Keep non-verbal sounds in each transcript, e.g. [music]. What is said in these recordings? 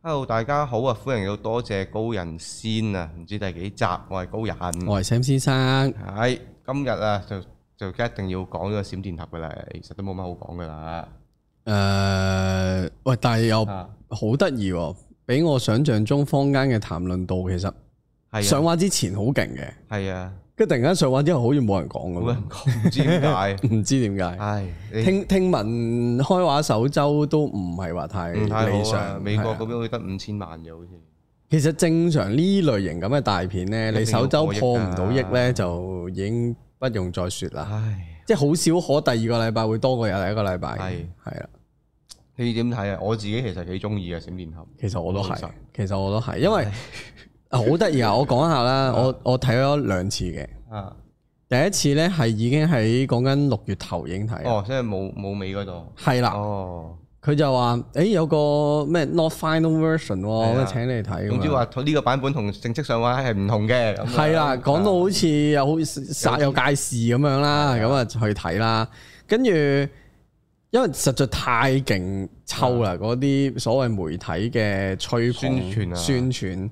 hello，大家好啊，歡迎又多謝高人先啊，唔知第幾集，我係高人，我係 Sam 先生，係今日啊，就就一定要講呢個閃電俠嘅啦，其實都冇乜好講嘅啦，誒、呃、喂，但係又好得意喎，啊、比我想象中坊間嘅談論度其實、啊、上畫之前好勁嘅，係啊。跟住突然間上畫之後，好似冇人講咁，唔知點解？唔知點解？係聽聽聞開畫首周都唔係話太理想，美國嗰邊都得五千萬嘅，好似。其實正常呢類型咁嘅大片咧，你首周破唔到億咧，就已經不用再說啦。係，即係好少可第二個禮拜會多過第一個禮拜。係係啦，你點睇啊？我自己其實幾中意嘅閃電俠，其實我都係，其實我都係，因為好得意啊！我講一下啦，我我睇咗兩次嘅。啊！第一次咧，係已經喺講緊六月頭影睇，哦，即係冇冇尾嗰度，係啦的，哦，佢就話，誒、欸，有個咩 not final version，咁啊的，請你睇，總之話呢個版本同正式上話係唔同嘅，係啦的，講樣到好似煞有介事咁樣啦，咁啊的去睇啦，跟住因為實在太勁抽啦，嗰啲所謂媒體嘅吹宣傳傳、啊、宣傳，誒、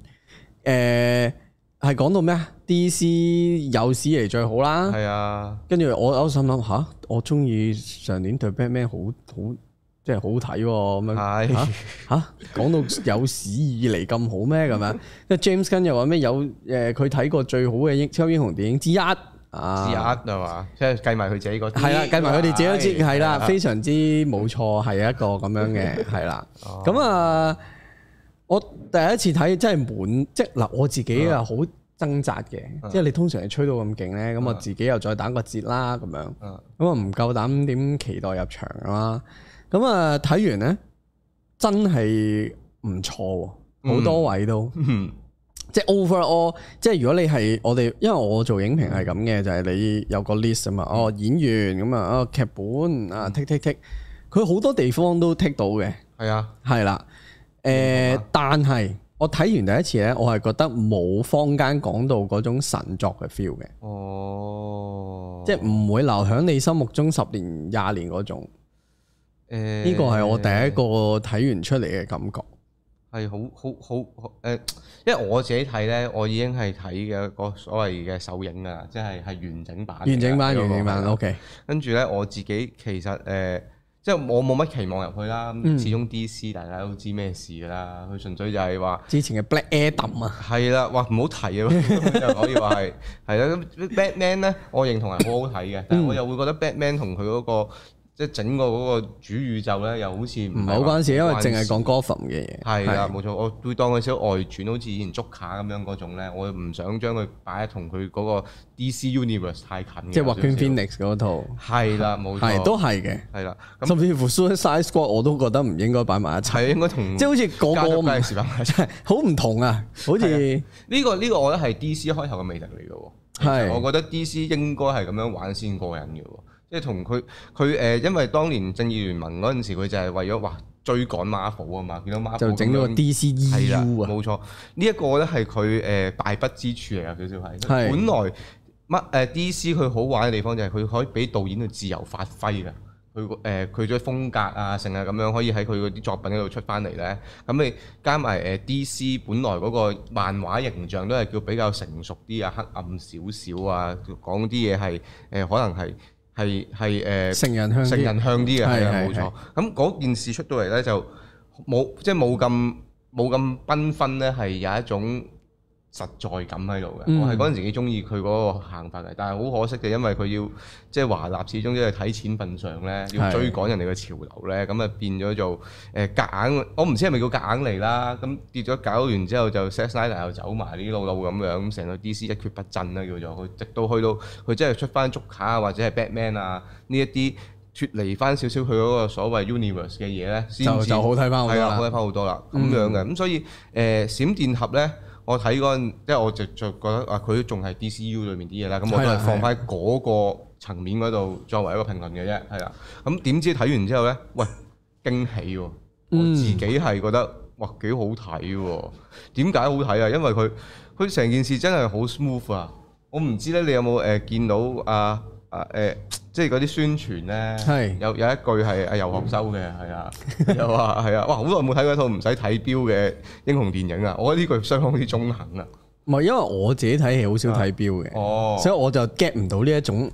呃。係講到咩啊？DC 有史以嚟最好啦，係啊。跟住我我心諗吓、啊，我中意上年對 Batman 好好，即係好睇。咁、哦、啊吓吓，講、啊、到有史以嚟咁好咩咁樣？因 [laughs] James Gunn 又話咩有誒，佢睇過最好嘅超英雄電影之一啊，之一係嘛？即係計埋佢自己個係啦，計埋佢哋自己之係啦，非常之冇錯，係一個咁樣嘅係啦。咁啊。 [laughs] [laughs] 我第一次睇真係滿，即嗱，我自己啊好掙扎嘅，即係你通常係吹到咁勁咧，咁我自己又再打個折啦，咁樣，咁啊唔夠膽點期待入場啊嘛，咁啊睇完咧真係唔錯，好多位都，嗯嗯、即係 over all，即係如果你係我哋，因為我做影評係咁嘅，就係你有個 list 啊嘛，哦，演員咁啊，劇本啊剔剔剔，佢好多地方都剔到嘅，係啊、嗯，係、嗯、啦。誒、呃，但係我睇完第一次咧，我係覺得冇坊間講到嗰種神作嘅 feel 嘅，哦，即係唔會留喺你心目中十年廿年嗰種。誒，呢個係我第一個睇完出嚟嘅感覺，係好好好誒，因為我自己睇呢，我已經係睇嘅個所謂嘅首映㗎喇，即係係完整版，完整版，完整版，OK。跟住呢，我自己其實誒。呃即係我冇乜期望入去啦，始終 DC 大家都知咩事㗎啦，佢純粹就係話之前嘅 Black Adam 啊，係啦，哇唔好提啊， [laughs] [laughs] 就可以話係係啦，咁 Batman 咧我認同係好好睇嘅， [laughs] 嗯、但係我又會覺得 Batman 同佢嗰、嗰個。即係整個嗰個主宇宙咧，又好似唔係好關事，因為淨係講 Gotham 嘅嘢。係啦，冇錯，我會當佢少外傳，好似以前捉卡咁樣嗰種咧，我唔想將佢擺喺同佢嗰個 DC Universe 太近嘅。即係《華堅 Phoenix》嗰套。係啦，冇錯。都係嘅。係啦，咁甚至乎 Suicide Squad 我都覺得唔應該擺埋一齊。應該同即係好似個真係好唔同啊！好似呢個呢個，我覺得係 DC 開頭嘅魅力嚟嘅喎。係，我覺得 DC 應該係咁樣玩先過癮嘅喎。即係同佢佢誒，因為當年正義聯盟嗰陣時，佢就係為咗哇追趕 Marvel 了啊嘛，見到 Marvel 就整咗 DCEU 啊，冇錯，呢、這、一個咧係佢誒敗筆之處嚟啊，少少係。是的 本來乜誒、呃、DC 佢好玩嘅地方就係佢可以俾導演去自由發揮㗎，佢誒佢啲風格啊，成日咁樣可以喺佢嗰啲作品嗰度出翻嚟咧。咁你加埋誒、呃、DC 本來嗰個漫畫形象都係叫比較成熟啲啊，黑暗少少啊，講啲嘢係誒可能係。係係誒成人向成人向啲嘅，係啊冇錯。咁嗰件事出到嚟咧，就冇即係冇咁冇咁繽紛咧，係有一種實在感喺度嘅，我係嗰陣時幾中意佢嗰個行法嘅，但係好可惜嘅，因為佢要即係華納始終都係睇錢份上咧，要追趕人哋嘅潮流咧，咁啊的變咗做誒夾硬，我唔知係咪叫夾硬嚟啦，咁跌咗搞完之後就《X [noise] Men 樂》又走埋呢啲路路咁樣，咁成個 DC 一蹶不振啦叫做佢，直到去到佢真係出翻《竹卡》或者係、啊《Batman》啊呢一啲脱離翻少少佢嗰個所謂 Universe 嘅嘢咧，先至就就好睇翻，係啊，好睇翻好多啦咁樣嘅，咁、嗯、所以誒、呃、閃電俠咧。我睇嗰陣，即係我直就覺得啊，佢仲係 DCU 裏面啲嘢啦，咁我都係放喺嗰個層面嗰度作為一個評論嘅啫，係啊。咁點知睇完之後咧，喂，驚喜喎、啊！我自己係覺得，哇，幾好睇喎、啊！點解好睇啊？因為佢佢成件事真係好 smooth 啊！我唔知咧，你有冇誒、呃、見到啊啊誒？呃呃呃即係嗰啲宣傳咧，是有有一句係阿遊學修嘅，係啊， [laughs] 又話係啊，哇！好耐冇睇過一套唔使睇標嘅英雄電影啊，我呢句相當之中肯啊。唔係因為我自己睇戲好少睇標嘅，哦、所以我就 get 唔到呢一種。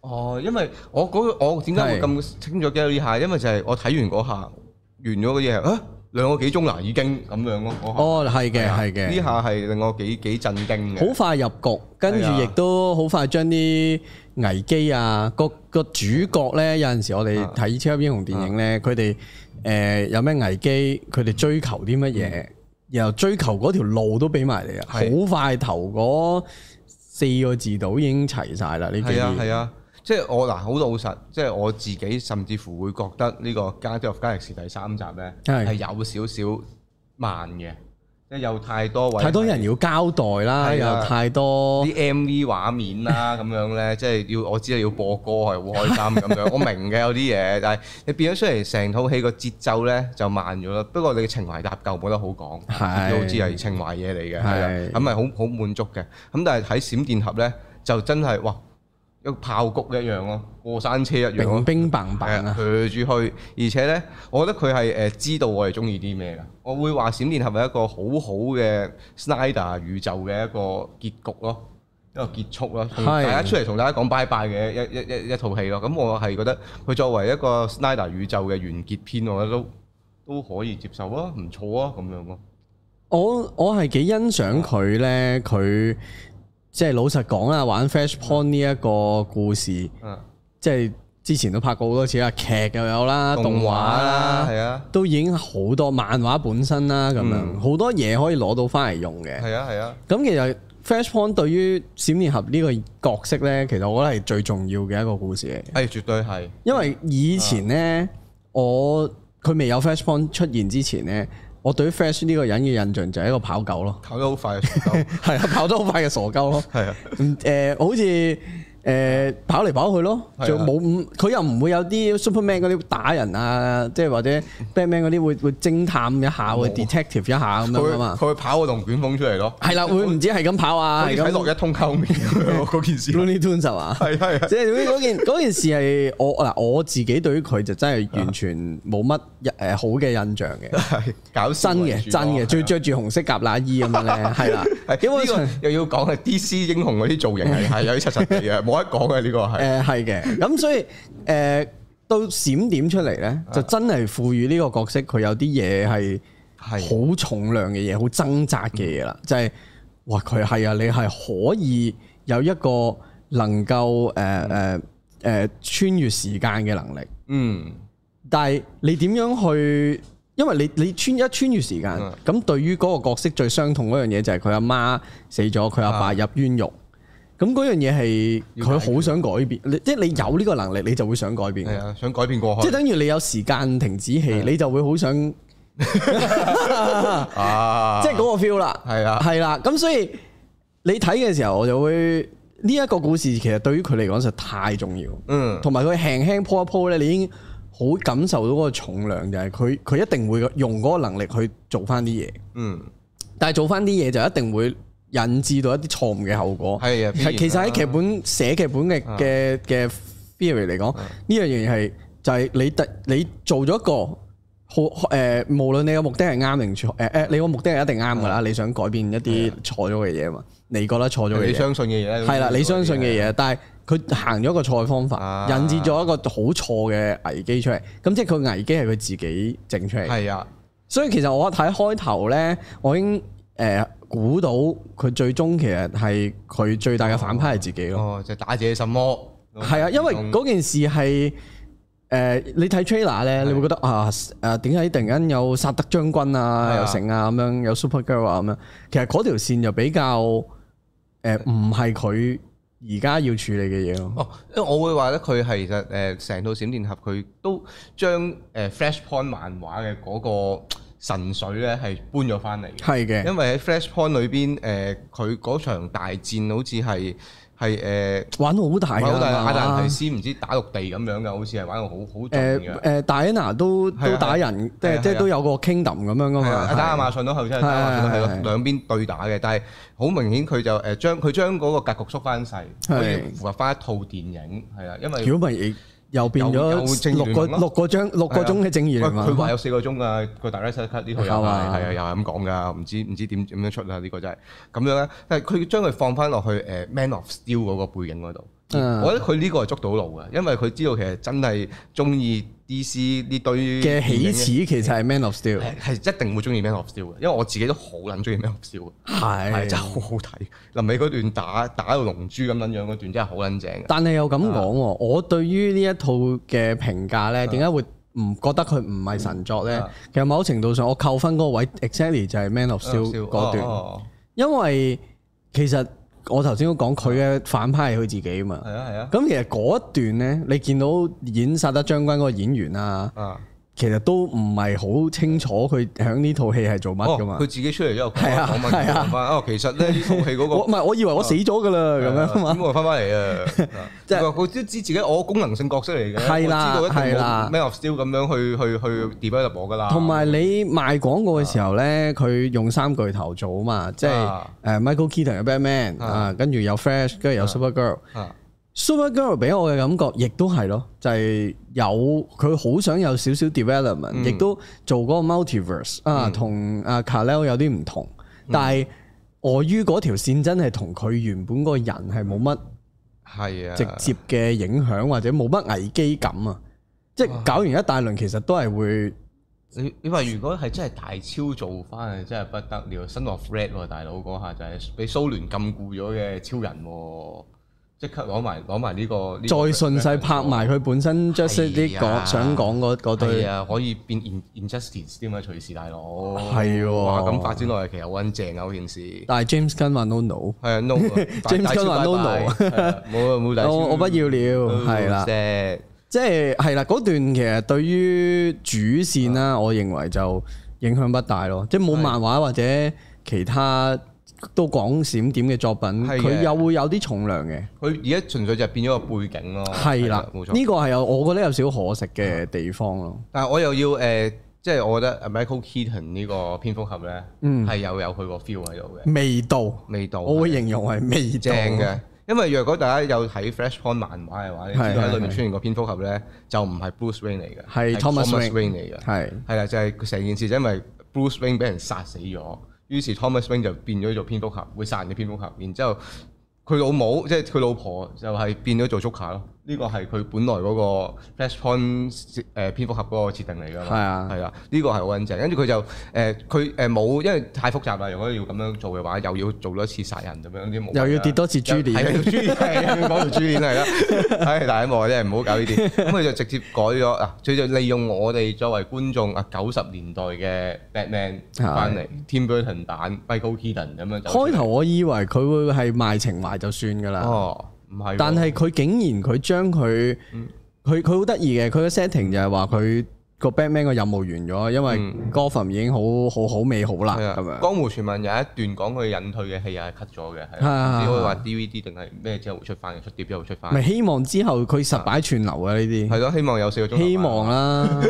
哦，因為我我點解會咁清楚 get 呢下？的因為就係我睇完嗰下完咗嗰嘢。啊。兩個幾鐘啦，已經咁樣咯。哦，係嘅，係嘅。呢下係令我幾幾震驚嘅。好快入局，跟住亦都好快將啲危機啊！個個的主角咧，有陣時我哋睇超級英雄電影咧，佢哋誒有咩危機，佢哋追求啲乜嘢，然後追求嗰條路都俾埋嚟。啊的！好快頭嗰四個字度已經齊晒啦！你記得？係啊，係啊。即係我嗱，好老實，即係我自己，甚至乎會覺得呢個《Guardians of the Galaxy》第三集呢，係有少少慢嘅，即係有太多位太多人要交代啦，的有太多啲 MV 畫面啦，咁 [laughs] 樣呢，即係要我知道要播歌係開心咁樣，我明嘅有啲嘢，但係你變咗出嚟成套戲個節奏呢就慢咗啦。不過你嘅情懷搭救冇得好講，好似係情懷嘢嚟嘅，咁咪好好滿足嘅。咁但係喺閃電俠呢，就真係哇！一個炮谷一樣咯，過山車一樣咯，冰棒棒啊，斜住去，而且呢，我覺得佢係誒知道我哋中意啲咩噶，我會話閃電俠係咪一個好好嘅 Snyder 宇宙嘅一個結局咯，一個結束咯，大家出嚟同大家講拜拜嘅一一一一套戲咯，咁我係覺得佢作為一個 Snyder 宇宙嘅完結篇，我覺得都都可以接受啊，唔錯啊，咁樣咯。我我係幾欣賞佢呢。佢。即係老實講啦，玩 Flashpoint 呢一個故事，即係、嗯、之前拍都拍過好多次啦，劇又有啦，動畫啦，係啊，都已經好多漫畫本身啦，咁樣好、嗯、多嘢可以攞到翻嚟用嘅。係啊係啊。咁、啊、其實 Flashpoint 對於閃電俠呢個角色呢，其實我覺得係最重要嘅一個故事嚟。係絕對係，因為以前呢，啊、我佢未有 Flashpoint 出現之前呢。我對於 Flash 呢個人嘅印象就係一個跑狗咯，跑得好快嘅傻狗，係 [laughs] 啊，跑得好快嘅傻狗咯，係 [laughs] 啊，誒、呃、好似。誒，跑嚟跑去咯，就冇佢又唔會有啲 Superman 嗰啲打人啊，即係或者 Batman 嗰啲會會偵探一下會 detective 一下咁樣噶嘛，佢會跑個龍捲風出嚟咯。係啦，會唔知係咁跑啊？喺落一通溝面嗰件事。Looney Tunes 啊？係係，即係嗰件件事係，我嗱我自己對於佢就真係完全冇乜誒好嘅印象嘅。搞新嘅真嘅，最着住紅色夾乸衣咁樣咧，係啦，因為呢個又要講係 DC 英雄嗰啲造型係有啲實實地我一講嘅呢個係誒係嘅，咁、嗯嗯、所以誒、呃、到閃點出嚟咧， [laughs] 就真係賦予呢個角色佢有啲嘢係係好重量嘅嘢，好掙扎嘅嘢啦。就係、是、哇，佢係啊，你係可以有一個能夠誒誒誒穿越時間嘅能力。嗯，但係你點樣去？因為你你穿一穿越時間，咁、嗯、對於嗰個角色最傷痛嗰樣嘢就係佢阿媽死咗，佢阿爸，爸入冤獄。嗯咁嗰樣嘢係佢好想改變，即係你有呢個能力，你就會想改變。係啊、嗯，想改變過去。即係等於你有時間停止器，的你就會好想。 [laughs] [laughs] 啊，即係嗰個 feel 啦。係啊的，係啦的。咁所以你睇嘅時候，我就會呢一、這個故事其實對於佢嚟講實太重要。嗯。同埋佢輕輕鋪一鋪咧，你已經好感受到嗰個重量，就係佢佢一定會用嗰個能力去做翻啲嘢。嗯。但係做翻啲嘢就一定會。引致到一啲錯誤嘅後果。係啊，其實喺劇本寫劇本嘅嘅嘅 theory 嚟講，呢樣嘢係就係你突你做咗一個好誒，無論你嘅目的係啱定錯誒誒，你個目的係一定啱㗎啦。你想改變一啲錯咗嘅嘢嘛？你覺得錯咗嘅嘢，你相信嘅嘢係啦，你相信嘅嘢，但係佢行咗一個錯嘅方法，引致咗一個好錯嘅危機出嚟。咁即係佢危機係佢自己整出嚟。係啊，所以其實我一睇開頭咧，我已經誒。估到佢最終其實係佢最大嘅反派係自己咯、哦。哦，就係、打者什麼？係啊，因為嗰件事係誒、呃，你睇 trailer 咧、啊，你會覺得啊誒點解突然間有薩德將軍啊，啊又成啊咁樣，有 Super Girl 啊咁樣。其實嗰條線就比較誒，唔係佢而家要處理嘅嘢咯。哦，因為我會話咧，佢係其實誒成套閃電俠佢都將誒 Flashpoint 漫畫嘅嗰、那個。神水咧係搬咗翻嚟，嘅，係嘅。因為喺 Flashpoint 裏邊，誒佢嗰場大戰好似係係誒玩好大，好大，亞特蘭提斯，唔知打陸地咁樣嘅，好似係玩到好好重嘅。誒誒，Diana 都都打人，即係即係都有個 kingdom 咁樣噶嘛，係嘛？打亞馬遜都即係兩邊對打嘅，但係好明顯佢就誒將佢將嗰個格局縮翻細，可以符合翻一套電影，係啊，因為。又變咗六個六個章六個鐘嘅正義，佢話有，啊、有四個鐘啊，啊，佢 Director's Cut 呢套又係係啊，又係咁講噶，唔知唔知點點樣出啊？呢、呢個真係咁樣咧，但係佢將佢放翻落去誒《Man of Steel》嗰個背景嗰度，嗯、我覺得佢呢個係捉到路嘅，因為佢知道其實真係中意。D.C. 呢對嘅起始其實係 Man of Steel，係一定會中意 Man of Steel 嘅，因為我自己都好撚中意 Man of Steel 嘅，係真係好好睇。臨尾嗰段打打到龍珠咁樣樣嗰段真係好撚正。但係又咁講，我對於呢一套嘅評價咧，點解會唔覺得佢唔係神作咧？其實某程度上，我扣分嗰位 exactly 就係 Man of Steel 嗰段，因為其實。我頭先都講佢嘅反派係佢自己啊嘛，係啊係啊，咁、啊、其實嗰一段咧，你見到演薩德將軍嗰個演員啊。啊其實都唔係好清楚佢喺呢套戲係做乜噶嘛佢自己出嚟之後講問問哦，其實咧呢套戲嗰個，唔係我以為我死咗噶啦咁樣咁我翻翻嚟啊，即係佢都知自己我功能性角色嚟嘅，我知道一定有 Man of Steel 咁樣去去去 develop 我噶啦同埋你賣廣告嘅時候咧，佢用三巨頭做啊嘛，即係誒 Michael Keaton 有 Batman 啊，跟住有 Flash，跟住有 Super Girl。Super Girl 俾我嘅感覺，亦都係咯，就係、是、有佢好想有少少 development，亦都、嗯、做嗰個 multiverse 啊、嗯，同阿卡雷有啲唔同。嗯、但係礙於嗰條線真係同佢原本個人係冇乜係啊直接嘅影響，啊、或者冇乜危機感啊！即、就、係、是、搞完一大輪，其實都係會你你話如果係真係大超做翻，真係不得了。Red Son 大佬嗰下就係被蘇聯禁固咗嘅超人喎。即刻講埋講埋呢個，再順勢拍埋佢本身 just 啲講想講嗰嗰對啊可以變 Injustice 點啊？隨時帶落，係喎咁發展落嚟其實好正啊件事。但係 James Gunn 話 no no，啊 no，James Gunn 話 no no，冇冇大我不要了，係啦，即係係啦嗰段其實對於主線啦，我認為就影響不大咯，即係冇漫畫或者其他。都講閃點嘅作品，佢又會有啲重量嘅。佢而家純粹就變咗個背景咯。係啦，冇錯，呢個係有我覺得有少可惜嘅地方咯。但係我又要誒，即係我覺得 Michael Keaton 呢個蝙蝠俠咧，係又有佢個 feel 喺度嘅味道。味道，我會形容係味正嘅。因為若果大家有睇 Flashpoint 漫畫嘅話咧，喺裏面出現個蝙蝠俠咧，就唔係 Bruce Wayne 嚟嘅，係 Thomas Wayne 嚟嘅。係係啦，就係成件事，因為 Bruce Wayne 俾人殺死咗。於是 Thomas Wayne 就變咗做蝙蝠俠，會殺人嘅蝙蝠俠。然之後佢老母，即係佢老婆就係，就係變咗做 Joker。呢個係佢本來嗰個 Flashpoint 誒蝙蝠俠嗰個設定嚟㗎，係啊，係啊，呢、呢個係好緊正。跟住佢就誒佢誒冇，因為太複雜啦，如果要咁樣做嘅話，又要做多次殺人咁樣啲，又要跌多次珠鏈，講到珠鏈係啦。係、啊，但係我真係唔好搞呢啲。咁佢、啊、就直接改咗啊！佢就利用我哋作為觀眾 man, 啊，九十年代嘅 Batman 翻嚟 Tim Burton 版 Michael Keaton 咁樣。開頭我以為佢會係賣情懷就算㗎啦。哦。唔係，啊、但係佢竟然佢將佢佢佢好得意嘅，佢、嗯、個 setting 就係話佢個 Batman 個任務完咗，因為 Gotham 已經好好好美好啦，咁樣、嗯、吧江湖傳聞有一段講佢隱退嘅戲又係 cut 咗嘅，只、啊、可以話 DVD 定係咩之後會出翻出碟之後會出翻。咪希望之後佢實擺串流啊呢啲。係咯些、啊，希望有少少，希望啦，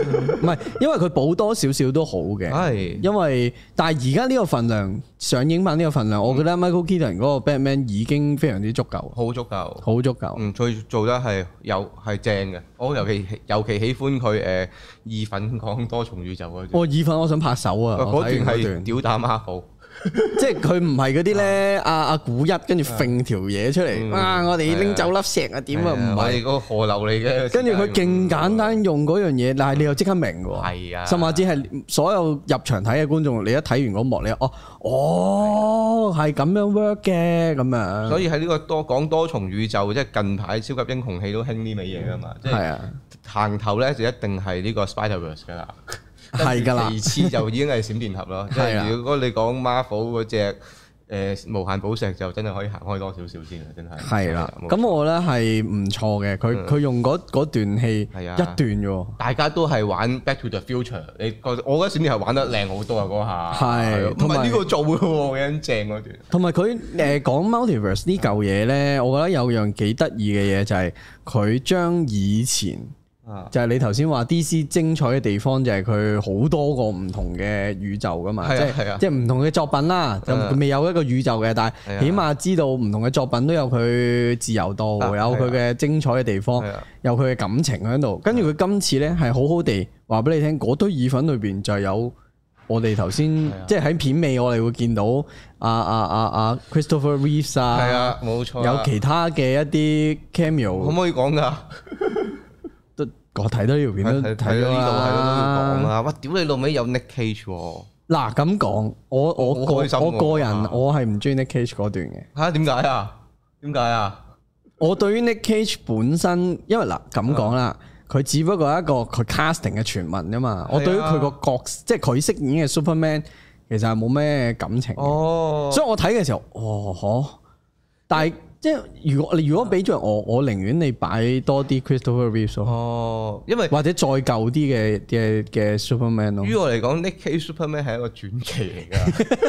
唔係 [laughs] 因為佢補多少，少少都好嘅，係 [laughs] 因為但係而家呢個份量。上映版呢個份量，我覺得 Michael Keaton 嗰個 Batman 已經非常之足夠，好足夠，好足夠。嗯，佢做得係有係正嘅，我尤其尤其喜歡佢誒、呃、意粉講多重宇宙嗰段。我、哦、意粉，我想拍手啊！嗰、呃、段係吊打 Marvel 即係佢唔係嗰啲咧，阿阿古一跟住揈條嘢出嚟，哇！我哋拎走粒石啊，點啊？唔係個河流嚟嘅，跟住佢勁簡單用嗰樣嘢，但係你又即刻明喎。係啊，甚至係所有入場睇嘅觀眾，你一睇完嗰幕，你哦，哦，係咁樣 work 嘅咁樣。所以喺呢個多講多重宇宙，即係近排超級英雄戲都興呢味嘢噶嘛。係啊，行頭咧就一定係呢個 Spider Verse 噶啦。係噶啦，其次就已經係閃電俠咯。 [laughs] 的即係如果你講 Marvel 嗰隻誒、呃、無限寶石，就真係可以行開多少少先啦，真係。係啦的，咁我咧係唔錯嘅。佢佢、嗯、用嗰嗰段戲一段啫喎，大家都係玩 Back to the Future 你。你我覺得閃電係玩得靚好多啊嗰下。係的，同埋呢個做嘅喎，好正嗰段。同埋佢誒講 Multiverse 呢嚿嘢咧，嗯、我覺得有樣幾得意嘅嘢就係、是、佢將以前。就係你頭先話 DC 精彩嘅地方，就係佢好多個唔同嘅宇宙噶嘛，即係唔同嘅作品啦，就未有一個宇宙嘅，但係起碼知道唔同嘅作品都有佢自由度，有佢嘅精彩嘅地方，有佢嘅感情喺度。跟住佢今次呢，係好好地話俾你聽，嗰堆意粉裏邊就有我哋頭先即係喺片尾我哋會見到啊啊啊啊 Christopher Reeves 啊，冇錯，有其他嘅一啲 cameo，可唔可以講噶？我睇到呢條片睇到呢度啦，喂、啊，屌你老尾有 Nick Cage 喎、啊，嗱咁講，我我，我個、啊、我個人我係唔中意 Nick Cage 嗰段嘅，吓？點解啊？點解啊？我對於 Nick Cage 本身，因為嗱咁講啦，佢、啊啊、只不過係一個佢 casting 嘅傳聞啫嘛，啊、我對於佢個角色，即係佢飾演嘅 Superman，其實係冇咩感情嘅，哦，所以我睇嘅時候，哦嗬，但係。即係如果你如果俾著我，我寧願你擺多啲 Christopher Reeve 哦，因為或者再舊啲嘅嘅嘅 Superman 咯。於我嚟講，Nick Cage Superman 係一個轉期嚟㗎，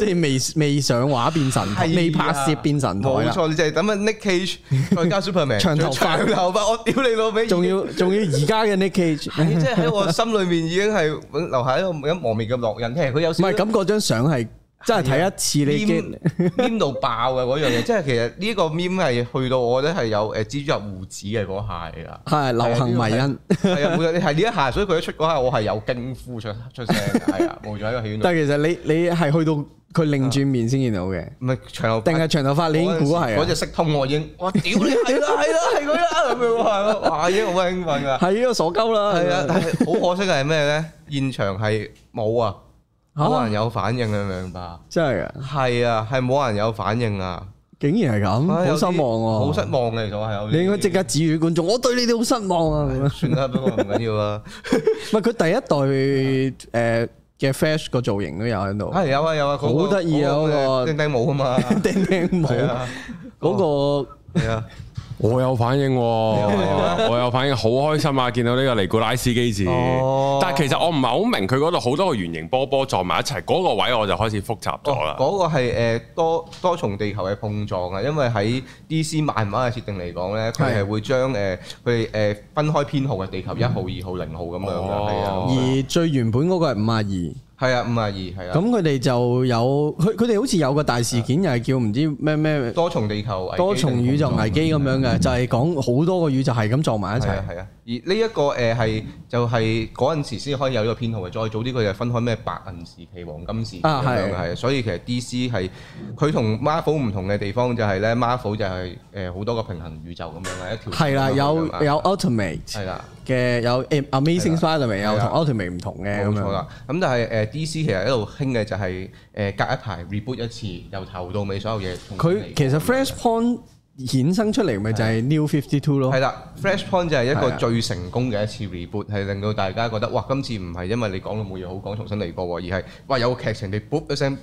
[laughs] 即係未未上畫變神，啊、未拍攝變神台啦。冇錯，你就係等啊 Nick Cage 再加 Superman [laughs] 長頭髮，長髮，長頭我屌你老尾！仲要仲要而家嘅 Nick Cage， [laughs] 即係喺我心裏面已經係留下一個磨滅嘅烙印。其實佢有時唔係咁嗰張相係。.真係睇一次你驚到爆嘅嗰樣嘢，即係其實呢個咪係去到我覺得係有誒蜘蛛入鬍子嘅嗰下噶，係流行迷因，係啊冇錯，係呢一下，所以佢一出嗰下我係有驚呼出出聲嘅，係啊，無盡喺度。但係其實你你係去到佢擰轉面先見到嘅，唔係長頭定係長頭髮你估係，嗰隻識通我已經，我屌你係啦係啦係嗰啲啊，哇英好興奮噶，係啊傻鳩啦，係啊，但係好可惜嘅係咩咧？現場係冇啊。冇人有反應，你明唔明白？真係啊，係啊，係冇人有反應啊！竟然係咁，好失望喎，好失望嘅，仲係你應該即刻指予觀眾，我對你哋好失望啊！算啦，不過唔緊要啊！唔係佢第一代誒嘅 Flash 個造型都有喺度，係有啊有啊，好得意啊嗰個釘釘帽啊嘛，釘釘帽嗰個係啊。我有反應喎、啊， [laughs] 我有反應，好開心啊！見到呢個尼古拉斯基治。哦、但係其實我唔係好明佢嗰度好多個圓形波波撞埋一齊，嗰、那個位我就開始複雜咗啦。嗰、哦那個係多多重地球嘅碰撞啊，因為喺 DC 漫畫嘅設定嚟講呢，佢係會將誒佢誒分開編號嘅地球一號、二號、零號咁樣嘅，哦、的而最原本嗰個係五啊二。係啊，五啊二係啊，咁佢哋就有佢，佢哋好似有個大事件，又係的叫唔知咩咩多重地球危機、多重宇宙危機咁樣嘅，嗯、就係講好多個宇宙係咁撞埋一齊。係啊，而呢、這、一個誒係就係嗰陣時先可以有呢個編號嘅，再早啲佢就分開咩白銀時期、黃金時期咁樣嘅，啊、所以其實 D.C 係佢 Mar 同 Marvel 唔同嘅地方就係、是、咧，Marvel 就係誒好多個平衡宇宙咁樣嘅一條線咁樣。的的有的有 Ultimate。嘅有 amazing spider m a 同 ultimate 唔同嘅，冇錯啦。咁樣但係誒 DC 其實一路興嘅就係誒隔一排 reboot 一次，由頭到尾所有嘢。佢其實 fresh pon i t 衍生出嚟咪就係 new fifty two 咯。係啦，fresh pon i t 就係一個最成功嘅一次 reboot，係的令到大家覺得哇，今次唔係因為你講到冇嘢好講重新嚟過喎，而係哇有個劇情你 boom 一聲。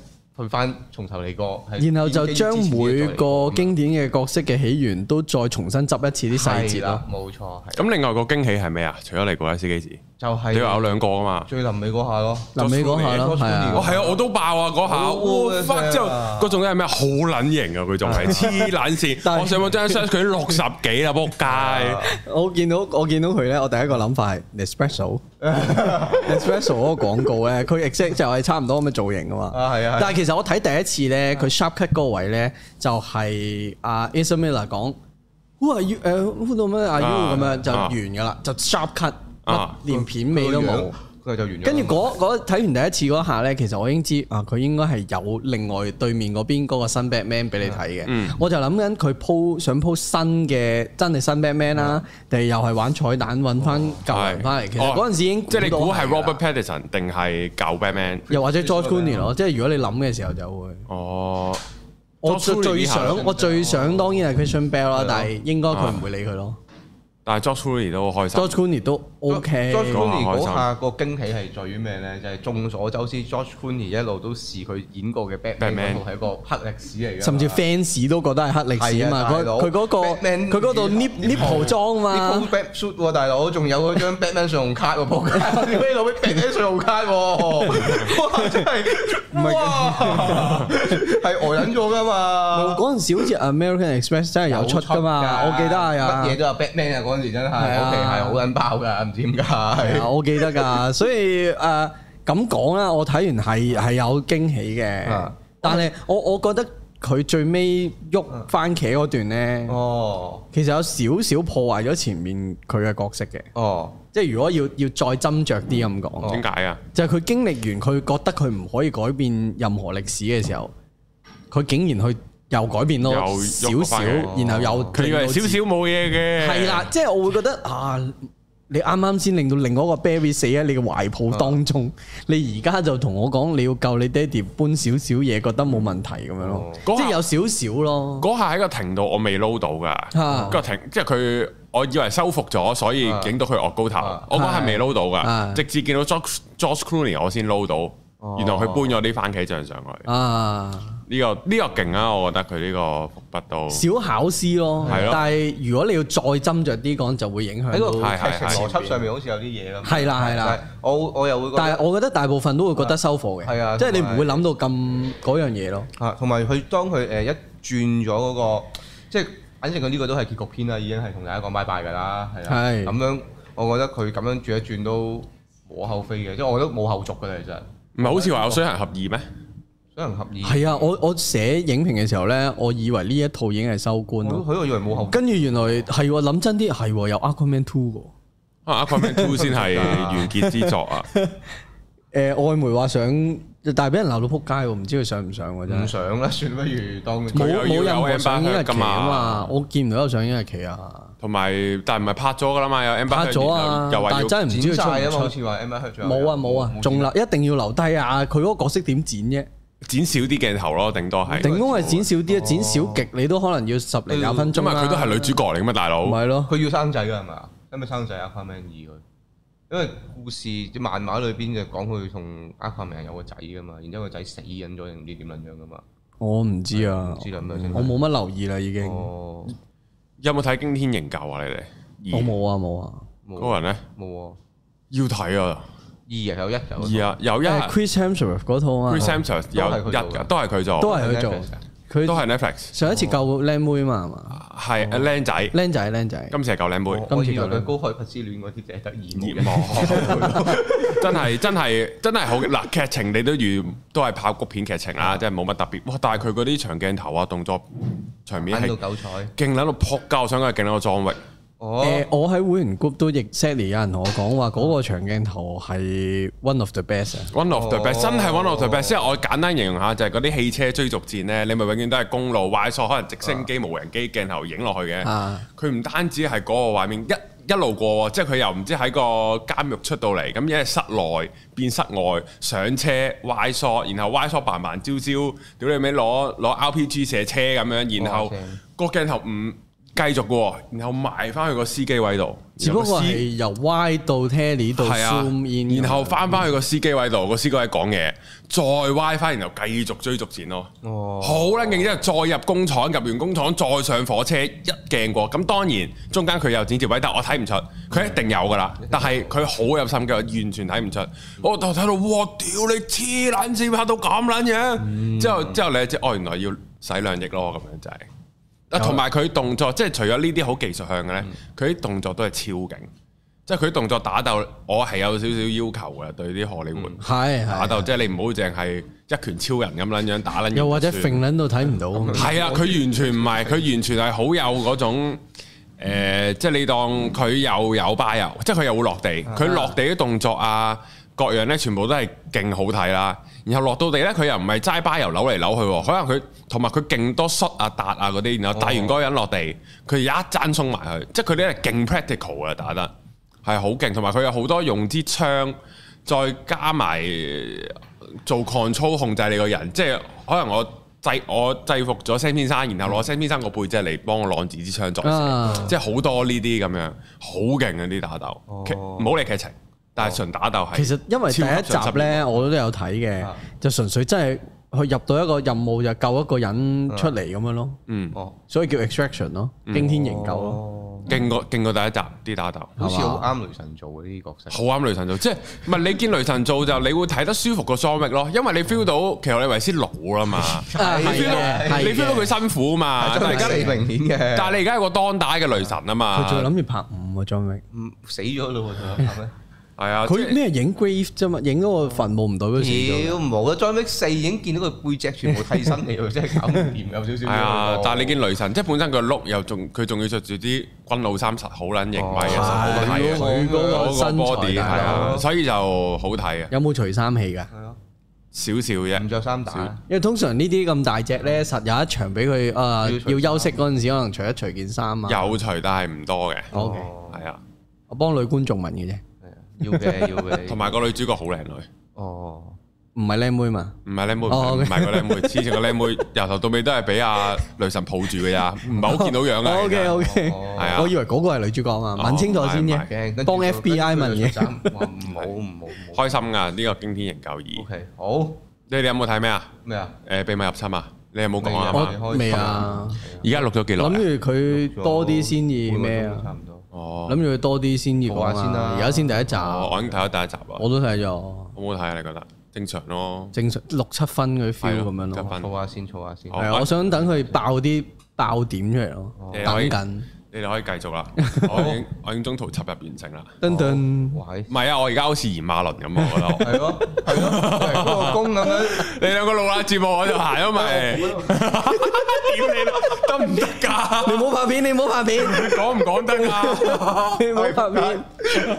去翻重頭嚟過，然後就將每個經典嘅角色嘅起源都再重新執一次啲細節啦。冇錯。咁另外一個驚喜係咩啊？除咗嚟嗰位司機時。就係你話有兩個啊嘛，最臨尾嗰下咯，臨尾嗰下咯，我係啊，我都爆啊嗰下，之後嗰種係咩？好撚型啊，佢仲係黐撚線。我上網真係 search 佢六十幾啦，仆街！我見到我見到佢咧，我第一個諗法係 espresso，espresso 嗰個廣告咧，佢 exact 就係差唔多咁嘅造型啊嘛，啊係啊！但係其實我睇第一次咧，佢 sharp cut 嗰位咧就係阿 Isamilla 講 who are 誒，who 到咩 are you 咁樣就完噶啦，就 sharp cut。啊！連片尾都冇，佢就完。跟住嗰睇完第一次嗰下咧，其實我已經知啊，佢應該係有另外對面嗰邊個新 Batman 俾你睇嘅。我就諗緊佢 po 想 po 新嘅真係新 Batman 啦，定又係玩彩蛋揾翻舊人翻嚟？其實嗰陣時已經即係你估係 Robert Pattinson 定係舊 Batman？又或者 George Clooney 咯？即係如果你諗嘅時候就會哦。我最想我最想當然係 Christian Bale 啦，但係應該佢唔會理佢咯。但係 George Clooney 都好開心。George Clooney 都。O.K. George Clooney 嗰下個驚喜係在於咩咧？就係眾所周知，George Clooney 一路都視佢演過嘅 Batman 係個黑歷史嚟，嘅，甚至 fans 都覺得係黑歷史啊嘛。佢佢嗰個佢嗰度 nipple 裝啊嘛，nipple bat suit 喎，大佬仲有嗰張 Batman 信用卡喎，大佬，Batman 信用卡喎，哇！真係哇，係呆忍咗噶嘛。嗰陣好似 American Express 真係有出噶嘛，我記得係啊，乜嘢都有 Batman 啊，嗰陣時真係 OK 係好緊爆㗎。點解？我記得噶，所以誒咁講啦，我睇完係係有驚喜嘅，啊、但係我我覺得佢最尾喐番茄嗰段咧，哦、啊，其實有少少破壞咗前面佢嘅角色嘅，哦、啊，即係如果要要再斟酌啲咁講，點解啊？就係佢經歷完，佢覺得佢唔可以改變任何歷史嘅時候，佢竟然去又改變咯，少少，然後又佢以為少少冇嘢嘅，係啦，即、就、係、是、我會覺得啊。你啱啱先令到另外一個 baby 死喺你嘅懷抱當中，的你而家就同我講你要救你爹哋搬少少嘢，覺得冇問題咁樣咯，即係有少少咯。嗰下喺個停度我未撈到噶，嗰停即係佢，我以為修復咗，所以影到佢惡高頭，的我嗰下未撈到噶，的直至見到 George George Clooney 我先撈到。原來佢搬咗啲番茄醬上去啊！呢個呢個勁啊，我覺得佢呢個伏筆都小巧思咯，係咯。但係如果你要再斟酌啲講，就會影響呢個邏輯上面好似有啲嘢咯。係啦，係啦，我我又會，但係我覺得大部分都會覺得收貨嘅，係啊，即係你唔會諗到咁嗰樣嘢咯。同埋佢當佢誒一轉咗嗰個，即係反正佢呢個都係結局篇啦，已經係同大家講拜拜㗎啦，係啊，咁樣我覺得佢咁樣轉一轉都無可厚非嘅，即係我覺得冇後續㗎啦，其實。唔係好似話有水行俠二咩？水行俠二係啊！我我寫影評嘅時候咧，我以為呢一套已經係收官咯。佢、哦、以為冇後。跟住原來係諗、啊、真啲係、啊、有 man 2《Aquaman Two》個。啊，《Aquaman Two》先係完結之作啊。誒、 [laughs] 呃，外媒話想，但係俾人鬧到撲街喎，唔知佢上唔上真、啊？唔上啦，算不如當冇冇人因影咁旗啊！我見唔到有上映日期啊！同埋，但係唔係拍咗噶啦嘛？有 M 拍咗啊，又係真係唔知佢出唔出啊？好似話 M 咗，冇啊冇啊，仲留一定要留低啊！佢嗰個角色點剪啫？剪少啲鏡頭咯，頂多係頂公係剪少啲啊！剪少極你都可能要十零廿分鐘。咁佢都係女主角嚟噶嘛，大佬？唔係咯，佢要生仔噶係咪啊？使唔生仔阿 a 明 u 二佢，因為故事漫畫裏邊就講佢同阿 q 明 a 有個仔噶嘛，然之後個仔死忍咗點點點樣噶嘛？我唔知啊，我冇乜留意啦，已經。有冇睇驚天營救啊？你哋我冇啊，冇啊。冇？高人咧？冇啊。要睇啊。二啊，有一。二啊，有一係 Chris Hemsworth 嗰套啊。Chris Hemsworth 有一噶，都係佢做。都係佢做。佢都係 Netflix。上一次救靚妹嘛係嘛？係靚仔，靚仔，靚仔。今次係救靚妹。今次為佢高海拔之戀嗰啲就係得二。真係真係真係好嗱，劇情你都如都係拍谷片劇情啊，即係冇乜特別。哇！但係佢嗰啲長鏡頭啊，動作。喺度九彩，勁喺度撲交，上佢係勁喺度裝域。誒、oh. 呃，我喺會員 group 都亦 sell 有人同我講話，嗰個長鏡頭係 one of the best，one of the best，真係 one of the best。即係我簡單形容下，就係嗰啲汽車追逐戰咧，你咪永遠都係公路，壞錯可能直升機、無人機鏡頭影落去嘅，佢唔、oh. 單止係嗰個畫面一。一路過，即係佢又唔知喺個監獄出到嚟，咁一係室內變室外，上車歪縮，然後歪縮扮慢招招，屌你咪攞攞 RPG 射車咁樣，然後個鏡頭唔繼續嘅喎，然後埋翻去個司機位度，只不過由歪到 Terry 到 Zoom、啊、然後翻翻去個司機位度，個司機位講嘢。再 WiFi，然後繼續追逐錢咯。哦，好撚勁！之後再入工廠，入完工廠再上火車，一鏡過。咁當然中間佢有剪接位，但係我睇唔出，佢一定有噶啦。但係佢好有心嘅，完全睇唔出。我就睇到哇，屌你黐撚線拍到咁撚嘢！之後之後你知哦，原來要洗兩億咯咁樣就係，是。同埋佢動作，即係除咗呢啲好技術向嘅呢，佢啲動作都係超勁。即係佢啲動作打鬥，我係有少少要求嘅，對啲荷里活。係打鬥，即係你唔好淨係一拳超人咁撚樣打撚。又或者揈撚到睇唔到。係啊，佢完全唔係，佢完全係好有嗰種誒，即係你當佢又有巴油，即係佢又會落地。佢落地啲動作啊，各樣呢全部都係勁好睇啦。然後落到地呢，佢又唔係齋巴油扭嚟扭去，可能佢同埋佢勁多 shot 啊、達啊嗰啲，然後打完嗰個人落地，佢一掙鬆埋佢，即係佢咧勁 practical 啊，打得。係好勁，同埋佢有好多用支槍，再加埋做抗操控制你個人，即係可能我制我制服咗 Sam 先生，然後攞 Sam 先生個背脊嚟幫我攞住支槍作即係好多呢啲咁樣，好勁啊啲打鬥，唔好理劇情，但係純打鬥係。其實因為第一集呢，我都有睇嘅，就純粹真係去入到一個任務，就救一個人出嚟咁樣咯。嗯，哦，所以叫 extraction 咯，驚天營救咯。勁過，勁過第一集啲打鬥，好似好啱雷神做嘅啲角色，好啱雷神做， [laughs] 即係唔係你見雷神做就你會睇得舒服個張穎咯，因為你 feel 到其實你維斯老啦嘛， [laughs] 的你 feel 到佢的辛苦啊嘛，但係而家明顯嘅，但係你而家係個當代嘅雷神啊嘛，佢仲諗住拍五個張穎，唔死咗咯喎仲要拍咩？ [laughs] [laughs] 係啊，佢咩影 grave 啫嘛，影嗰個墳墓唔到嗰時。屌冇啊！再咩四影見到佢背脊全部替身嚟，真係搞唔掂，有少少。係啊，但係你見雷神，即係本身佢碌又仲，佢仲要着住啲軍老三實好撚型威啊！係啊，所以就好睇啊。有冇除衫戲噶？係咯，少少啫。唔着衫打，因為通常呢啲咁大隻咧，實有一場俾佢啊，要休息嗰陣時，可能除一除件衫啊。有除，但係唔多嘅。O K，係啊，我幫女觀眾問嘅啫。要嘅，要嘅。同埋個女主角好靚女。哦，唔係靚妹嘛？唔係靚妹，唔係個靚妹。黐線，個靚妹由頭到尾都係俾阿雷神抱住嘅咋，唔係好見到樣嘅。O K O K，我以為嗰個係女主角啊，問清楚先啲。驚，幫 F B I 問嘢。哇，唔好唔好，開心啊！呢個驚天營救二。O K，好。你哋有冇睇咩啊？咩啊？誒秘密入侵啊？你有冇講啊？我未啊。而家錄咗幾耐？諗住佢多啲先至咩啊？哦，諗住佢多啲先講下先啦，而家先第一集，哦、我已經睇咗第一集啦。我都睇咗，好唔好睇啊？你覺得正常咯，正常六、哦、七分嗰啲 feel 咁樣咯。坐下先，坐下先。係，我想等佢爆啲爆點出嚟咯。嗯、等緊著。嗯。你哋可以繼續啦，我已經我已經中途插入完成啦。唔係啊，我而家好似燃馬輪咁啊！我覺得係咯，係咯，攻咁樣。 [laughs] 你兩個老辣節目，我就 [laughs] 行咗咪屌你都唔得㗎！你唔好拍片，你唔好拍片。你講唔講得㗎、啊？你唔好拍片。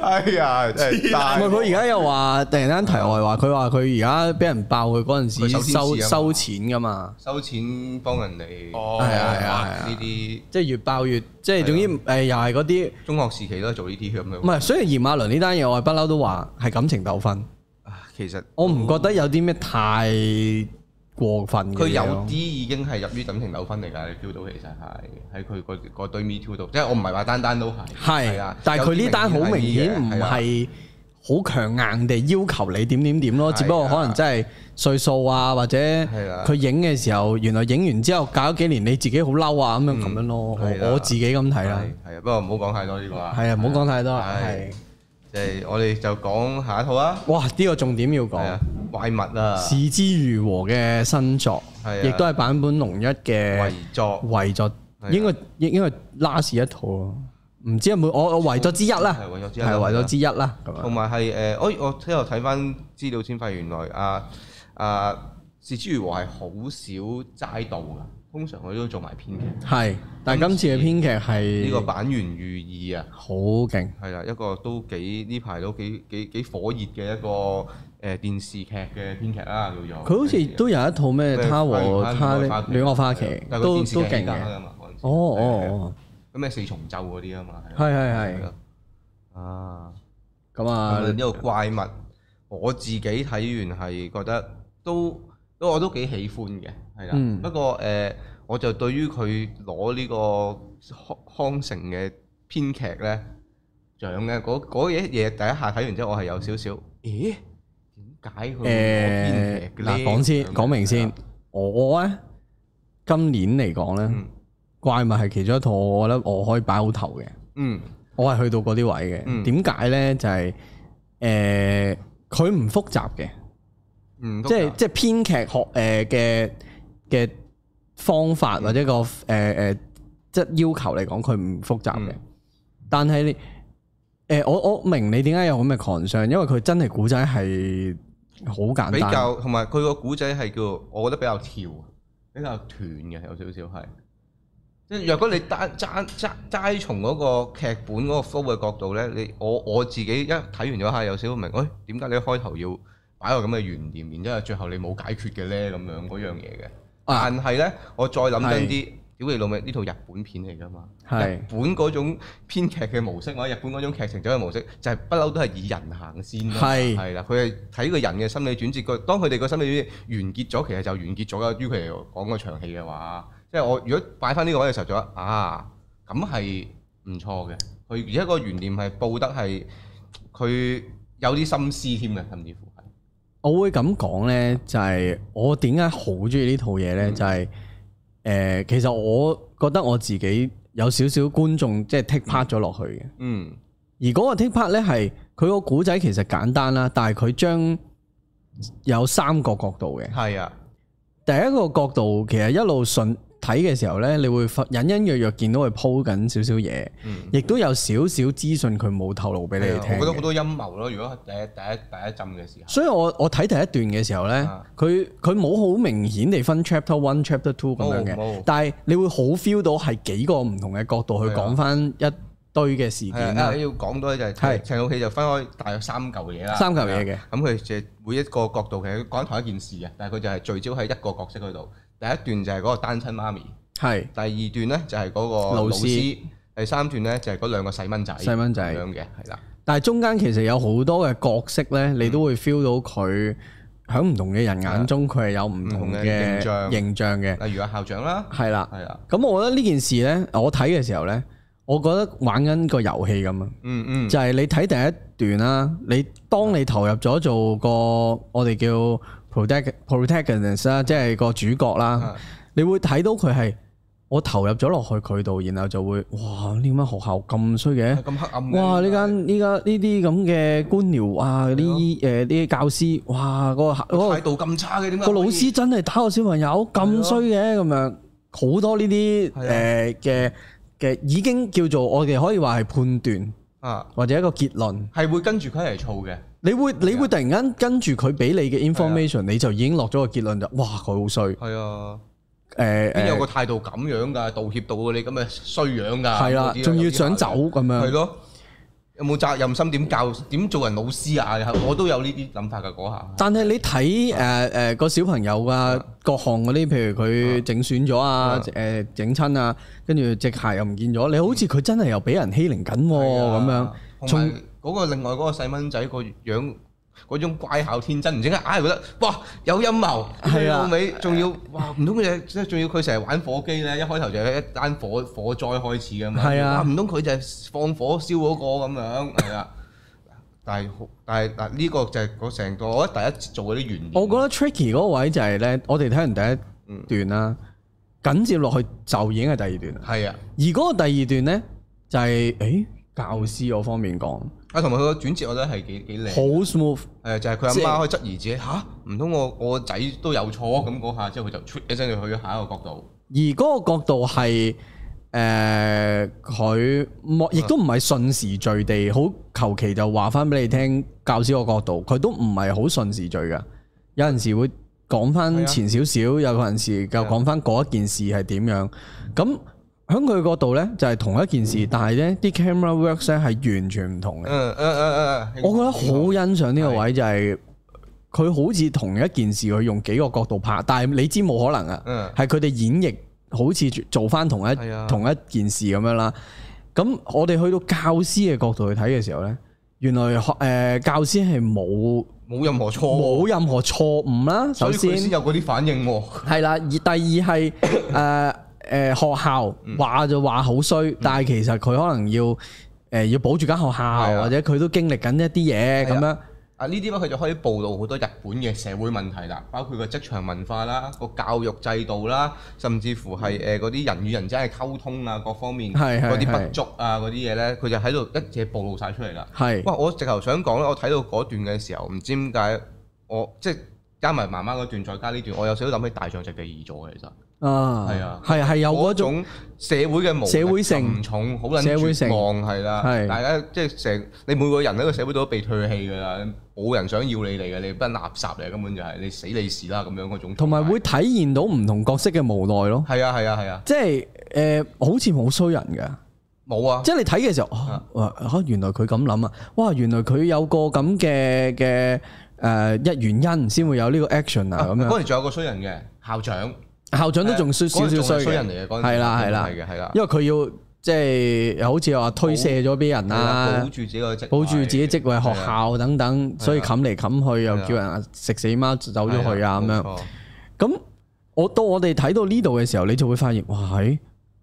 哎呀！唔係佢而家又話突然間提外話，佢話佢而家俾人爆佢嗰陣時收收錢㗎嘛？收錢幫人哋哦。係啊係啊，呢啲即係越爆越即係。仲要誒，又係嗰啲中學時期咯，做呢啲咁樣。唔係，雖然炎亞綸呢單嘢，我係不嬲都話係感情糾紛。啊，其實我唔覺得有啲咩太過分。佢有啲已經係入於感情糾紛嚟㗎，你 feel 到其實係喺佢個個對面 Me too 到，即係我唔係話單單都係。係是，的但係佢呢單好明顯唔係的。好強硬地要求你點點點咯，只不過可能真係歲數啊，或者佢影嘅時候，原來影完之後搞咗幾年，你自己好嬲啊咁樣咁樣咯，我自己咁睇啦。係啊，不過唔好講太多呢個。係啊，唔好講太多啦。係，即係我哋就講下一套啊。哇！呢個重點要講怪物啊，是枝裕和嘅新作，亦都係坂本龍一嘅遺作，遺作應該應應該 last 一套咯。唔知啊，每我我為咗之一啦，係為咗之一啦，同埋係誒，我我之後睇翻資料先，發現原來啊啊，是枝裕和係好少齋導噶，通常佢都做埋編劇。係，但係今次嘅編劇係呢個坂元裕二啊，好勁，係啦，一個都幾呢排都幾幾幾火熱嘅一個誒電視劇嘅編劇啦，叫做佢好似都有一套咩他和她戀愛花期，都都勁嘅，哦哦。咁咩四重奏嗰啲啊嘛，係係係，的啊咁啊呢個怪物，嗯、我自己睇完係覺得都都我都幾喜歡嘅，係啦。嗯、不過誒、呃，我就對於佢攞呢個康康城嘅編劇咧獎嘅嗰嘢嘢第一下睇完之後我點點，我係有少少，咦點解佢攞編劇嗱講、呃、先講的明先，吧我咧今年嚟講咧。嗯怪物係其中一套，我覺得我可以擺好頭嘅。嗯，我係去到嗰啲位嘅。點解咧？就係、是、誒，佢、呃、唔複雜嘅。呃呃呃、雜嗯，即係即係編劇學誒嘅嘅方法或者個誒誒即係要求嚟講，佢唔複雜嘅。但係誒，我我明你點解有咁嘅 concern，因為佢真係古仔係好簡單，比較同埋佢個古仔係叫我覺得比較跳，比較斷嘅有少少係。若果你單單齋齋從嗰個劇本嗰個 flow 嘅角度咧，你我我自己一睇完咗下，有少少明，誒點解你一開頭要擺個咁嘅懸念，然之後最後你冇解決嘅咧，咁樣嗰樣嘢嘅。但係咧，我再諗緊啲，屌你老味，呢套日本片嚟噶嘛？日本嗰種編劇嘅模式或者日本嗰種劇情走嘅模式，就係不嬲都係以人行先，係係啦，佢係睇個人嘅心理轉折。個當佢哋個心理轉折完結咗，其實就完結咗啦。於佢哋講嗰場戲嘅話。即係我如果擺翻呢個位嘅時候，就啊，咁係唔錯嘅。佢而家個懸念係報得係，佢有啲心思添嘅，甚至乎係。我會咁講咧，就係、是、我點解好中意呢套嘢咧？嗯、就係、是、誒、呃，其實我覺得我自己有少少觀眾即係、就是、take part 咗落去嘅。嗯。而嗰個 take part 咧係佢個故仔其實簡單啦，但係佢將有三個角度嘅。係是啊。第一個角度其實一路順。睇嘅時候咧，你會隱隱約約見到佢鋪緊少少嘢，亦、嗯、都有少少資訊佢冇透露俾你聽。我覺得好多陰謀咯。如果第一第一第一浸嘅時候，所以我我睇第一段嘅時候咧，佢佢冇好明顯地分 chapter one、chapter two 咁樣嘅，但係你會好 feel 到係幾個唔同嘅角度去講翻一堆嘅事件。啊，要講多啲就係陳浩棋就分開大約三嚿嘢啦。三嚿嘢嘅，咁佢就每一個角度嘅講同一件事嘅，但係佢就係聚焦喺一個角色嗰度。第一段就係嗰個單親媽咪，係。係。第二段呢就係嗰個老師，老師。第三段呢就係嗰兩個細蚊仔。細蚊仔咁嘅，係啦。但係中間其實有好多嘅角色呢，你都會 feel 到佢喺唔同嘅人眼中，佢係有唔同嘅形象嘅。例如阿校長啦，係啦，係啊。咁我覺得呢件事呢，我睇嘅時候呢，我覺得玩緊個遊戲咁啊。嗯嗯。就係你睇第一段啦，你當你投入咗做個我哋叫 protect protagonist 啦，Prot ist，即係個主角啦，的你會睇到佢係我投入咗落去佢度，然後就會哇點解學校咁衰嘅，咁黑暗嘅，哇呢間呢家呢啲咁嘅官僚啊，嗰啲誒啲教師，哇、那個個態度咁差嘅，點解個老師真係打個小朋友咁衰嘅？咁的樣好多呢啲誒嘅嘅，已經叫做我哋可以話係判斷啊，的或者一個結論係會跟住佢嚟燥嘅。你會你會突然間跟住佢俾你嘅 information，你就已經落咗個結論就，哇佢好衰。係啊，誒邊有個態度咁樣噶道歉到你咁咪衰樣噶，係啦，仲要想走咁樣，係咯，有冇責任心？點教點做人老師啊？我都有呢啲諗法噶嗰下。但係你睇誒誒個小朋友啊，各項嗰啲，譬如佢整損咗啊，誒整親啊，跟住隻鞋又唔見咗，你好似佢真係又俾人欺凌緊咁樣，從。嗰個另外嗰個細蚊仔個樣，嗰種乖巧天真，唔知點解硬係覺得哇有陰謀，佢後尾仲要哇唔通佢即係仲要佢成日玩火機咧，一開頭就係一單火火災開始嘅嘛，啊，唔通佢就係放火燒嗰個咁樣係啊？但係但係嗱呢個就係嗰成個，我覺得第一次做嗰啲原因，我覺得 Tricky 嗰位就係咧，我哋睇完第一段啦，嗯、緊接落去就已經係第二段，係啊，而嗰個第二段咧就係、是、誒、哎、教師嗰方面講。啊，同埋佢個轉折，我覺得係幾幾靚，好 smooth。誒，就係佢阿媽可以質疑自己嚇，唔通的、啊、我我個仔都有錯咁嗰下，之後佢就出一聲去咗下一個角度。而嗰個角度係誒，佢莫亦都唔係順時序地，好求其就話翻俾你聽，教少個角度，佢都唔係好順時序嘅。有陣時會講翻前少少，的有陣時就講翻嗰一件事係點樣咁。喺佢嘅角度咧，就係、是、同一件事，嗯、但係咧啲 camera work 咧係完全唔同嘅。嗯嗯嗯嗯，啊啊、是是我覺得好欣賞呢個位就係、是、佢是 好似同一件事，佢用幾個角度拍，但係你知冇可能啊。嗯，係佢哋演繹好似做翻同一同一件事咁樣啦。咁我哋去到教師嘅角度去睇嘅時候咧，原來學誒教師係冇冇任何錯，冇任何錯誤啦。所以佢先有嗰啲反應。係啦， [laughs] 而第二係誒。誒學校話就話好衰，嗯、但係其實佢可能要誒、呃、要保住間學校，嗯、或者佢都經歷緊一啲嘢咁樣。嗯嗯、麼啊，呢啲咧佢就可以暴露好多日本嘅社會問題啦，包括個職場文化啦、個教育制度啦，甚至乎係誒嗰啲人與人之間嘅溝通啊，各方面嗰啲、嗯嗯、不足啊嗰啲嘢咧，佢就喺度一直暴露晒出嚟啦。係、嗯。哇是！我直頭想講咧，我睇到嗰段嘅時候，唔知點解我即係、就是、加埋媽媽嗰段，再加呢段，我有少少諗起大象隻腳移咗其實。啊，係啊，係係有嗰種社會嘅無奈沉重，好冷峻，望係啦。係大家即係成你每個人喺個社會度都被唾棄㗎啦，冇人想要你嚟㗎，你畢垃圾嚟，根本就係、是、你死你事啦咁樣嗰種。同埋會體現到唔同角色嘅無奈咯。係啊係啊係啊，即係誒好似冇衰人㗎，冇啊！即係你睇嘅時候，啊、哦，原來佢咁諗啊，哇、wow！原來佢有個咁嘅嘅誒一原因先會有呢個 action 啊咁樣。嗰時仲有個衰人嘅校長。校長都仲衰少少衰人嚟嘅，係啦係啦，係嘅係啦，因為佢要即係好似話推卸咗俾人啦，保住自己職保住自己職位、學校等等，所以冚嚟冚去又叫人食死貓走咗去啊咁樣。咁我到我哋睇到呢度嘅時候，你就會發現哇係，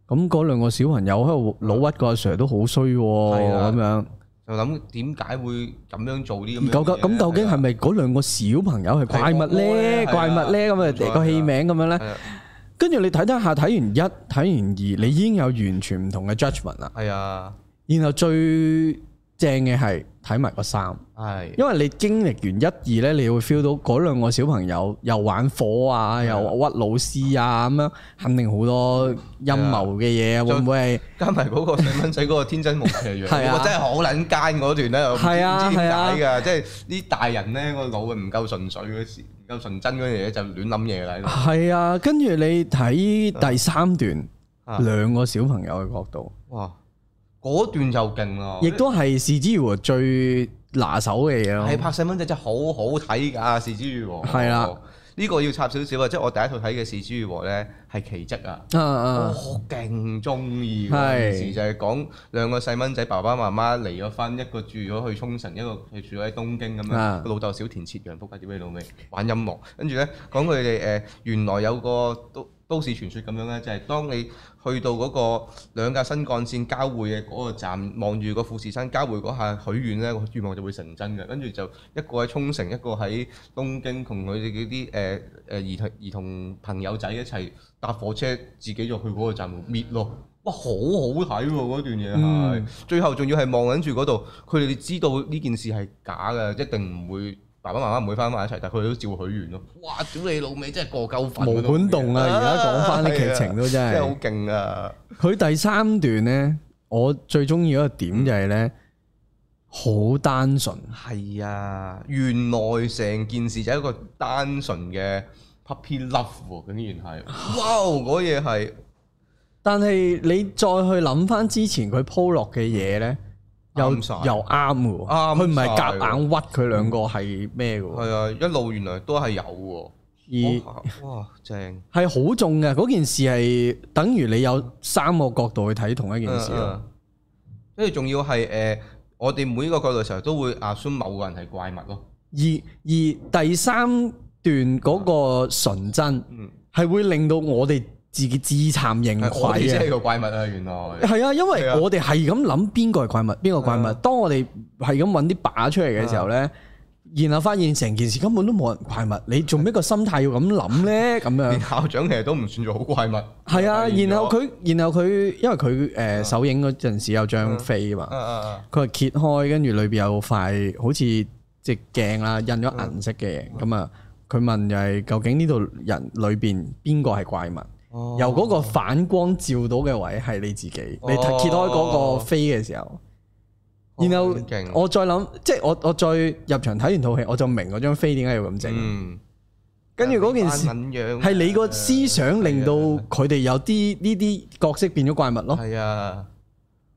咁嗰兩個小朋友喺度老屈個阿 Sir 都好衰咁樣，就諗點解會咁樣做呢？咁究竟係咪嗰兩個小朋友係怪物咧？怪物咧？咁啊個戲名咁樣咧？跟住你睇得下，睇完一，睇完二，你已經有完全唔同嘅 judgment 啦。係啊，哎呀，然後最正嘅係睇埋個三，因為你經歷完一二咧，你會 feel 到嗰兩個小朋友又玩火啊，又屈老師啊，咁樣肯定好多陰謀嘅嘢。會唔會係加埋嗰個細蚊仔嗰個天真無邪樣，我真係好撚奸嗰段咧，我唔知點解㗎，即係啲大人咧個腦會唔夠純粹嗰時，唔夠純真嗰樣嘢就亂諗嘢啦。係啊，跟住你睇第三段兩個小朋友嘅角度。果段就勁咯！亦都係《是枝裕和最拿手嘅嘢。係拍細蚊仔真係好好睇㗎，《是枝裕和》的。係啦、哦，呢、這個要插少少啊！即、就、係、是、我第一套睇嘅《是枝裕和》咧，係《奇蹟》啊，啊哦、我好勁中意。係就係講兩個細蚊仔，爸爸媽媽離咗婚，一個住咗去沖繩，一個係住咗喺東京咁樣。個、啊、老豆小田切陽福小田切讓家點嘅老味，玩音樂，跟住咧講佢哋誒原來有個都。都市傳說咁樣呢，就係當你去到嗰個兩架新幹線交匯嘅嗰個站，望住個富士山交匯嗰下許願呢，願望就會成真嘅。跟住就一個喺沖繩，一個喺東京，同佢哋嗰啲誒誒兒童兒童朋友仔一齊搭火車，自己就去嗰個站度滅咯。哇，好好睇喎嗰段嘢，係、嗯、最後仲要係望緊住嗰度，佢哋知道呢件事係假嘅，一定唔會。爸爸媽媽唔會翻埋一齊，但係佢都照許願咯。哇！屌你老味，真係過夠份，無管凍啊！而家講翻啲劇情都真係，真係好勁啊！佢、啊啊、第三段呢，我最中意一個點就係呢：好、嗯、單純。係啊，原來成件事就係一個單純嘅 puppy love，竟然係哇！嗰嘢係，但係你再去諗翻之前佢鋪落嘅嘢呢。又啱啱又啱嘅，啱。佢唔係夾硬屈佢兩個係咩嘅？係、嗯、啊，一路原來都係有嘅。而哇，哇正係好重嘅嗰件事，係等於你有三個角度去睇同一件事咯、嗯。即係仲要係誒，我哋每個角度嘅時候都會阿酸某個人係怪物咯。而、嗯嗯、而第三段嗰個純真，嗯，係會令到我哋。自己自慚形穢啊！即係個怪物啊，原來係啊，因為我哋係咁諗邊個係怪物，邊個怪物？的當我哋係咁揾啲把出嚟嘅時候咧，的然後發現成件事根本都冇人怪物。的你做咩個心態要咁諗咧？咁樣。 [laughs] 連校長其實都唔算做好怪物。係啊的，然後佢的，然後佢，因為佢誒首映嗰陣時有張飛嘛，佢係揭開，跟住裏邊有塊好似隻鏡啦，印咗銀色嘅嘢。咁啊，佢問就係究竟呢度人裏邊邊個係怪物？哦、由嗰個反光照到嘅位係你自己，哦、你揭開嗰個飛嘅時候，哦、然後我再諗，即係、哦、我再、就是、我，我再入場睇完套戲，我就明嗰張飛點解要咁整。嗯，跟住嗰件事係你個思想令到佢哋有啲呢啲角色變咗怪物咯。係、嗯、啊，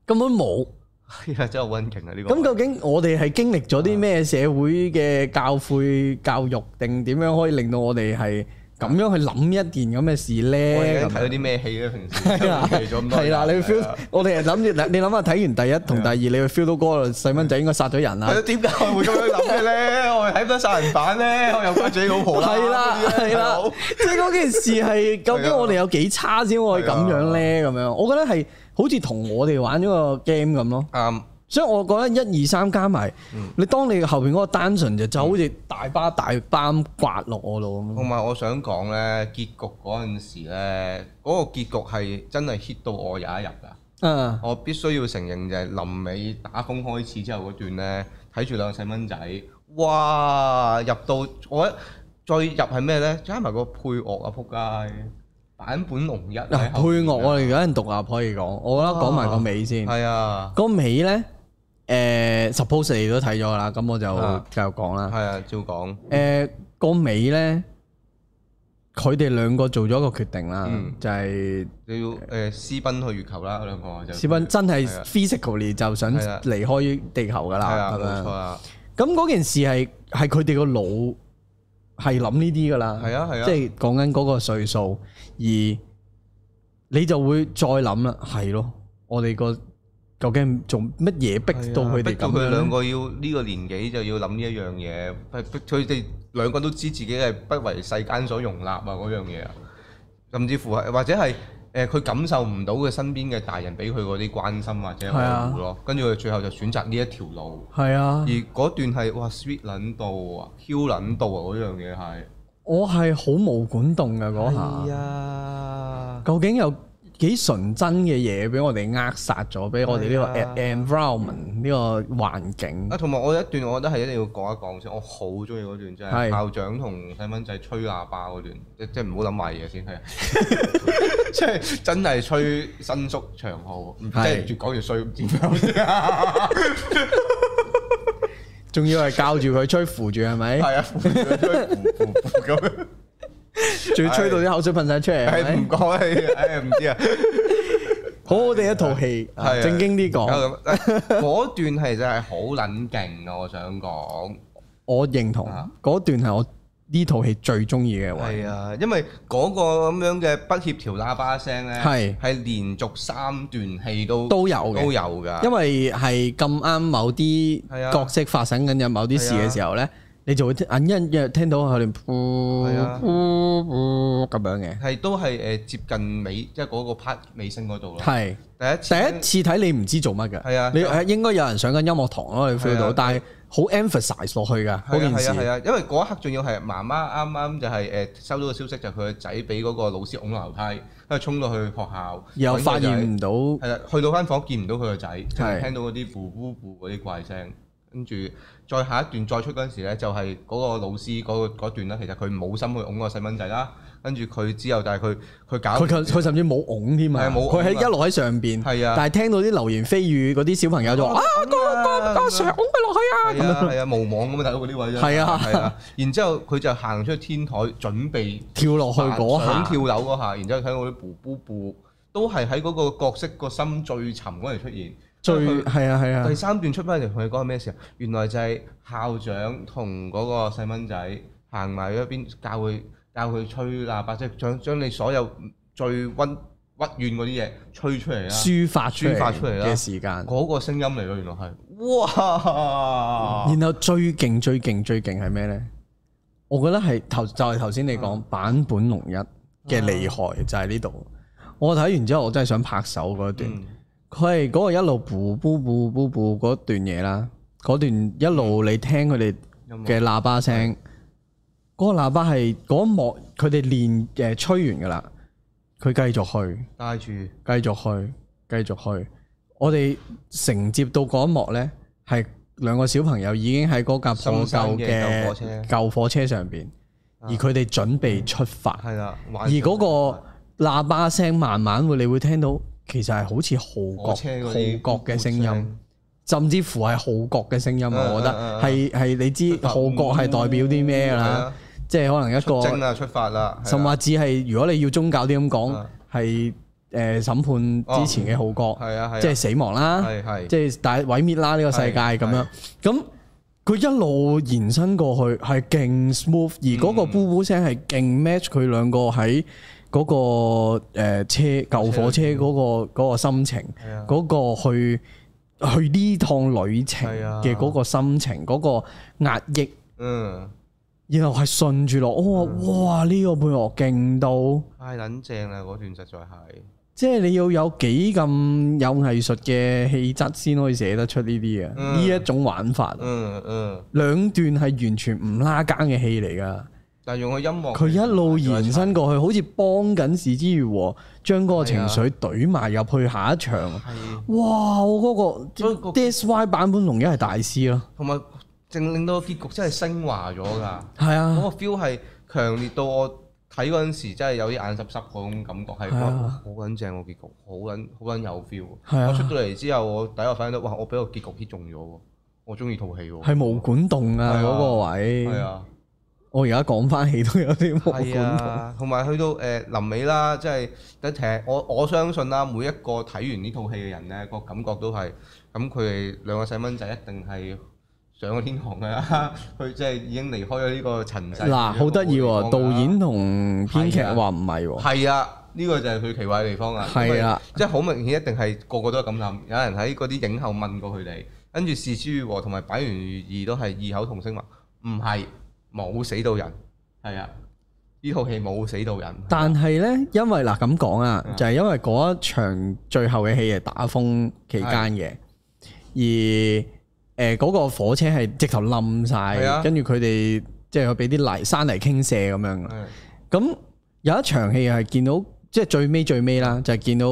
根本冇。係啊，真係溫情啊呢個。咁究竟我哋係經歷咗啲咩社會嘅教誨、嗯、教育，定點樣可以令到我哋係？咁樣去諗一件咁嘅事咧，睇到啲咩戲咧？平時睇咗咁多，係啦，你會 feel，我哋係諗住，你諗下睇完第一同第二，你會 feel 到嗰個細蚊仔應該殺咗人啦。點解我會咁樣諗嘅咧？我睇唔得殺人版咧，我又關自己老婆啦。係啦係啦，即係嗰件事係，究竟我哋有幾差先可以咁樣咧？咁樣，我覺得係好似同我哋玩咗個 game 咁咯。啱。所以，我覺得一二三加埋，嗯、你當你後邊嗰個單純就就好似大巴大班刮落我度咁、嗯。同埋，我想講咧結局嗰陣時咧，嗰、嗰個結局係真係 hit 到我有一日㗎。嗯、啊，我必須要承認就係臨尾打風開始之後嗰段咧，睇住兩個細蚊仔，哇！入到我一再入係咩咧？加埋個配樂啊，仆街！坂本龍一。啊、配樂我哋有陣讀阿可以講，我覺得講埋個尾先。係啊。個尾咧？誒，uh, Suppose 你都睇咗啦，咁我就繼續講啦。係啊，照講。誒，個尾咧，佢哋兩個做咗一個決定啦，就係你要誒私奔去月球啦，嗰兩個就私奔，真係 physically 就想離開地球噶啦，係咪啊？咁嗰件事係係佢哋個腦係諗呢啲噶啦，係啊係啊，即係講緊嗰個歲數，而你就會再諗啦，係咯，我哋個。究竟做乜嘢逼到佢哋咁？逼到佢兩個要呢個年紀就要諗呢一樣嘢，佢哋兩個都知自己係不為世間所容納啊嗰樣嘢啊，甚至乎係或者係誒佢感受唔到佢身邊嘅大人俾佢嗰啲關心或者愛護咯，跟住佢最後就選擇呢一條路。係啊，而嗰段係哇 sweet 撚到啊，嬌撚到啊嗰樣嘢係。我係好無管動嘅嗰下。哎呀，究竟有幾純真嘅嘢俾我哋扼殺咗，俾、啊、我哋呢個 environment 呢個環境。啊，同埋我有一段，我覺得係一定要講一講先。我好中意嗰段，即係校長同細蚊仔吹喇叭嗰段，是即 [laughs] [laughs] 即唔好諗壞嘢先，即係真係吹伸縮長號，是即越講越衰，唔知點啊！仲要係教住佢吹，吹扶，扶住係咪？係啊，扶住扶扶住。仲要吹到啲口水噴晒出嚟，唔該，唉，唔知啊，好好地一套戲，係正經啲講，嗰段係真係好捻勁啊，我想講，我認同嗰段係我呢套戲最中意嘅位，係啊，因為嗰個咁樣嘅不協調喇叭聲咧，係係連續三段戲都都有嘅，都有噶，因為係咁啱某啲角色發生緊有某啲事嘅時候咧。你就會啞音嘅聽到後面噗噗噗咁樣嘅。係都係誒接近尾，即係嗰個 part 尾聲嗰度咯。係第一次睇你唔知做乜㗎？係啊，你係應該有人上緊音樂堂咯，你 feel 到，但係好 emphasize 落去㗎嗰件事。係啊係啊，因為嗰一刻仲要係媽媽啱啱就係誒收到個消息，就佢個仔俾嗰個老師擁樓梯，因為衝到去學校又發現唔到，係啊，去到間房見唔到佢個仔，就聽到嗰啲噗噗噗嗰啲怪聲。跟住再下一段再出嗰陣時咧，就係嗰個老師嗰個嗰段啦。其實佢冇心去擁個細蚊仔啦。跟住佢之後，但係佢佢搞佢佢甚至冇擁添啊！係冇，佢喺一路喺上邊。係啊！但係聽到啲流言蜚語，嗰啲小朋友就話，啊，啊，個個個阿 Sir 擁佢落去啊！係啊，啊，無妄咁 [laughs] 啊！大佬，佢呢位啫。係啊，係啊。 [laughs] 然之後佢就行出天台準備跳落下去嗰傳，想跳樓嗰下。然之後睇到啲布布布，都係喺嗰個角色個心最沉嗰陣出現。最係啊係啊！啊第三段出翻嚟同佢講係咩事啊？原來就係校長同嗰個細蚊仔行埋一邊，教佢教佢吹喇叭，即係將將你所有最屈屈怨嗰啲嘢吹出嚟啦，抒發抒發出嚟嘅時間，嗰個聲音嚟到原來係哇！然後最勁最勁最勁係咩咧？我覺得係頭就係頭先你講、嗯、坂本龍一嘅厲害就喺呢度。嗯、我睇完之後，我真係想拍手嗰一段。嗯佢係嗰個一路噗噗噗噗噗嗰段嘢啦，嗰段一路你聽佢哋嘅喇叭聲，嗰、嗯、個喇叭係嗰一幕佢哋練嘅吹完噶啦，佢繼續去，帶住著，繼續去，繼續去。我哋承接到嗰一幕咧，係兩個小朋友已經喺嗰架破舊嘅舊火車上邊，深深啊、而佢哋準備出發。係啦、嗯，玩而嗰個喇叭聲慢慢會，你會聽到。其實係好似號角、號角嘅聲音，甚至乎係號角嘅聲音，我覺得係係你知號角係代表啲咩噶啦？即係可能一個，出發啦甚或只係如果你要宗教啲咁講，係誒審判之前嘅號角，即係、yeah. oh. yeah, yeah, yeah. 死亡啦、啊，即係大毀滅啦呢個世界咁樣。咁佢一路延伸過去係勁 smooth，而嗰個咕咕聲係勁 match 佢兩個喺。嗰個誒車舊火車嗰、那個、個心情，嗰、啊、個去去呢趟旅程嘅嗰個心情，嗰、啊、個壓抑，嗯，然後係順住落，哦，嗯、哇呢、這個配樂勁到，太冷靜啦！嗰段實在係，即係你要有幾咁有藝術嘅氣質先可以寫得出呢啲嘅，呢、嗯、一種玩法，嗯嗯，嗯嗯兩段係完全唔拉更嘅戲嚟㗎。但係用佢音樂，佢一路延伸過去，好似幫緊事之餘，將嗰個情緒懟埋入去下一場。哇！我嗰個，D S Y 坂本龍一係大師咯，同埋淨令到個結局真係升華咗㗎。係啊，嗰個 feel 係強烈到我睇嗰陣時，真係有啲眼濕濕嗰種感覺，係好緊正個結局，好緊好緊有 feel。我出到嚟之後，我第一個反應都哇！我俾個結局 hit 中咗喎，我中意套戲喎。係毛管動啊嗰個位。係啊。我而家講翻戲都有啲冇感同，同埋去到誒臨尾啦，即係一踢我我相信啦，每一個睇完呢套戲嘅人咧，個感覺都係咁，佢哋兩個細蚊仔一定係上咗天堂嘅啦，佢即係已經離開咗呢個塵世。嗱、啊，好得意喎！導演同編劇話唔係喎。係啊，呢個就係佢奇怪嘅地方啦啊！係啊，即係好明顯，一定係個個都係咁諗。有人喺嗰啲影後問過佢哋，跟住是枝裕和同埋坂元裕二都係異口同聲話唔係。冇死到人，係啊！呢套戲冇死到人，啊、但係呢，因為嗱咁講啊，就係、係、因為嗰一場最後嘅戲係打風期間嘅，啊、而誒嗰、呃嗰個火車係直頭冧晒，跟住佢哋即係俾啲泥山嚟傾瀉咁樣嘅。咁、啊、有一場戲係見到，即、就、係、係、最尾最尾啦，就係、係、見到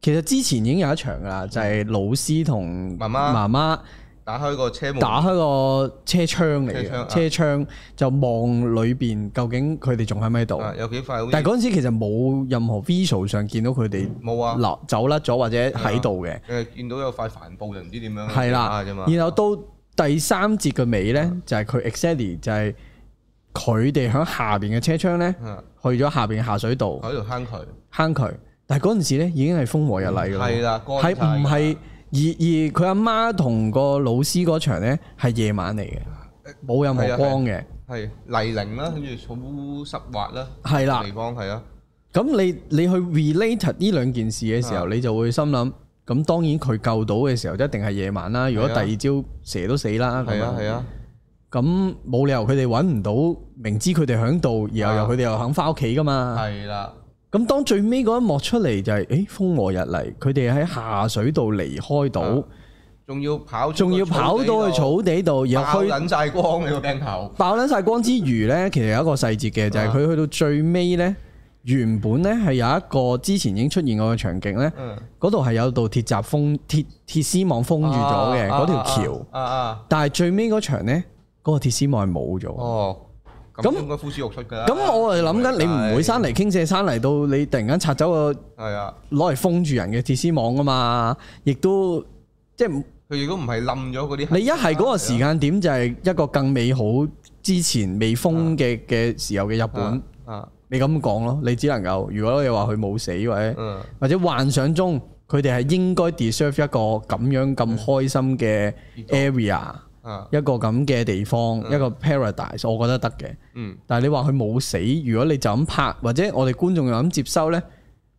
其實之前已經有一場噶啦，就係、係、老師同媽媽媽媽。打開個車門，打開個車窗嚟嘅，車窗就望裏邊，究竟佢哋仲喺唔喺度？有幾塊，但係嗰陣時其實冇任何 visual 上見到佢哋落走甩咗或者喺度嘅。誒，見到有塊帆布就唔知點樣嘅架。然後到第三節嘅尾咧，就係佢 excite 就係佢哋響下邊嘅車窗咧，去咗下邊嘅下水道喺度坑渠，坑渠。但係嗰陣時咧已經係風和日麗咯，係唔係？而而佢阿媽同個老師嗰場咧係夜晚嚟嘅，冇、欸、任何光嘅，係泥濘啦，跟住好濕滑啦，係啦，地方係啊。咁、啊、的你你去 relate 呢兩件事嘅時候，的你就會心諗，咁當然佢救到嘅時候一定係夜晚啦。如果第二朝蛇都死啦，係啊係啊。咁冇那理由佢哋揾唔到，明知佢哋響度，然後又佢哋又肯翻屋企噶嘛。係啦。咁當最尾嗰一幕出嚟就係，誒，風和日麗，佢哋喺下水道離開到，仲要跑，仲要跑到去草地度，爆撚晒光個鏡頭。爆撚晒光之餘呢，其實有一個細節嘅就係佢去到最尾呢。原本呢，係有一個之前已經出現過嘅場景呢。嗰度係有道鐵閘封鐵鐵絲網封住咗嘅嗰條橋，但係最尾嗰場呢，嗰個鐵絲網係冇咗。咁咁我係諗緊，你唔會瀉山嚟傾瀉山嚟到，你突然間拆走個攞嚟封住人嘅鐵絲網啊嘛！亦都即係佢如果唔係冧咗嗰啲，你一係嗰個時間點就係一個更美好的之前未封嘅嘅時候嘅日本。你咁講咯，你只能夠如果你話佢冇死或者或者幻想中佢哋係應該 deserve 一個咁樣咁開心嘅 area，嗯。一個咁嘅地方，一個 paradise，我覺得得嘅。嗯。但係你話佢冇死，如果你就咁拍，或者我哋觀眾又咁接收咧，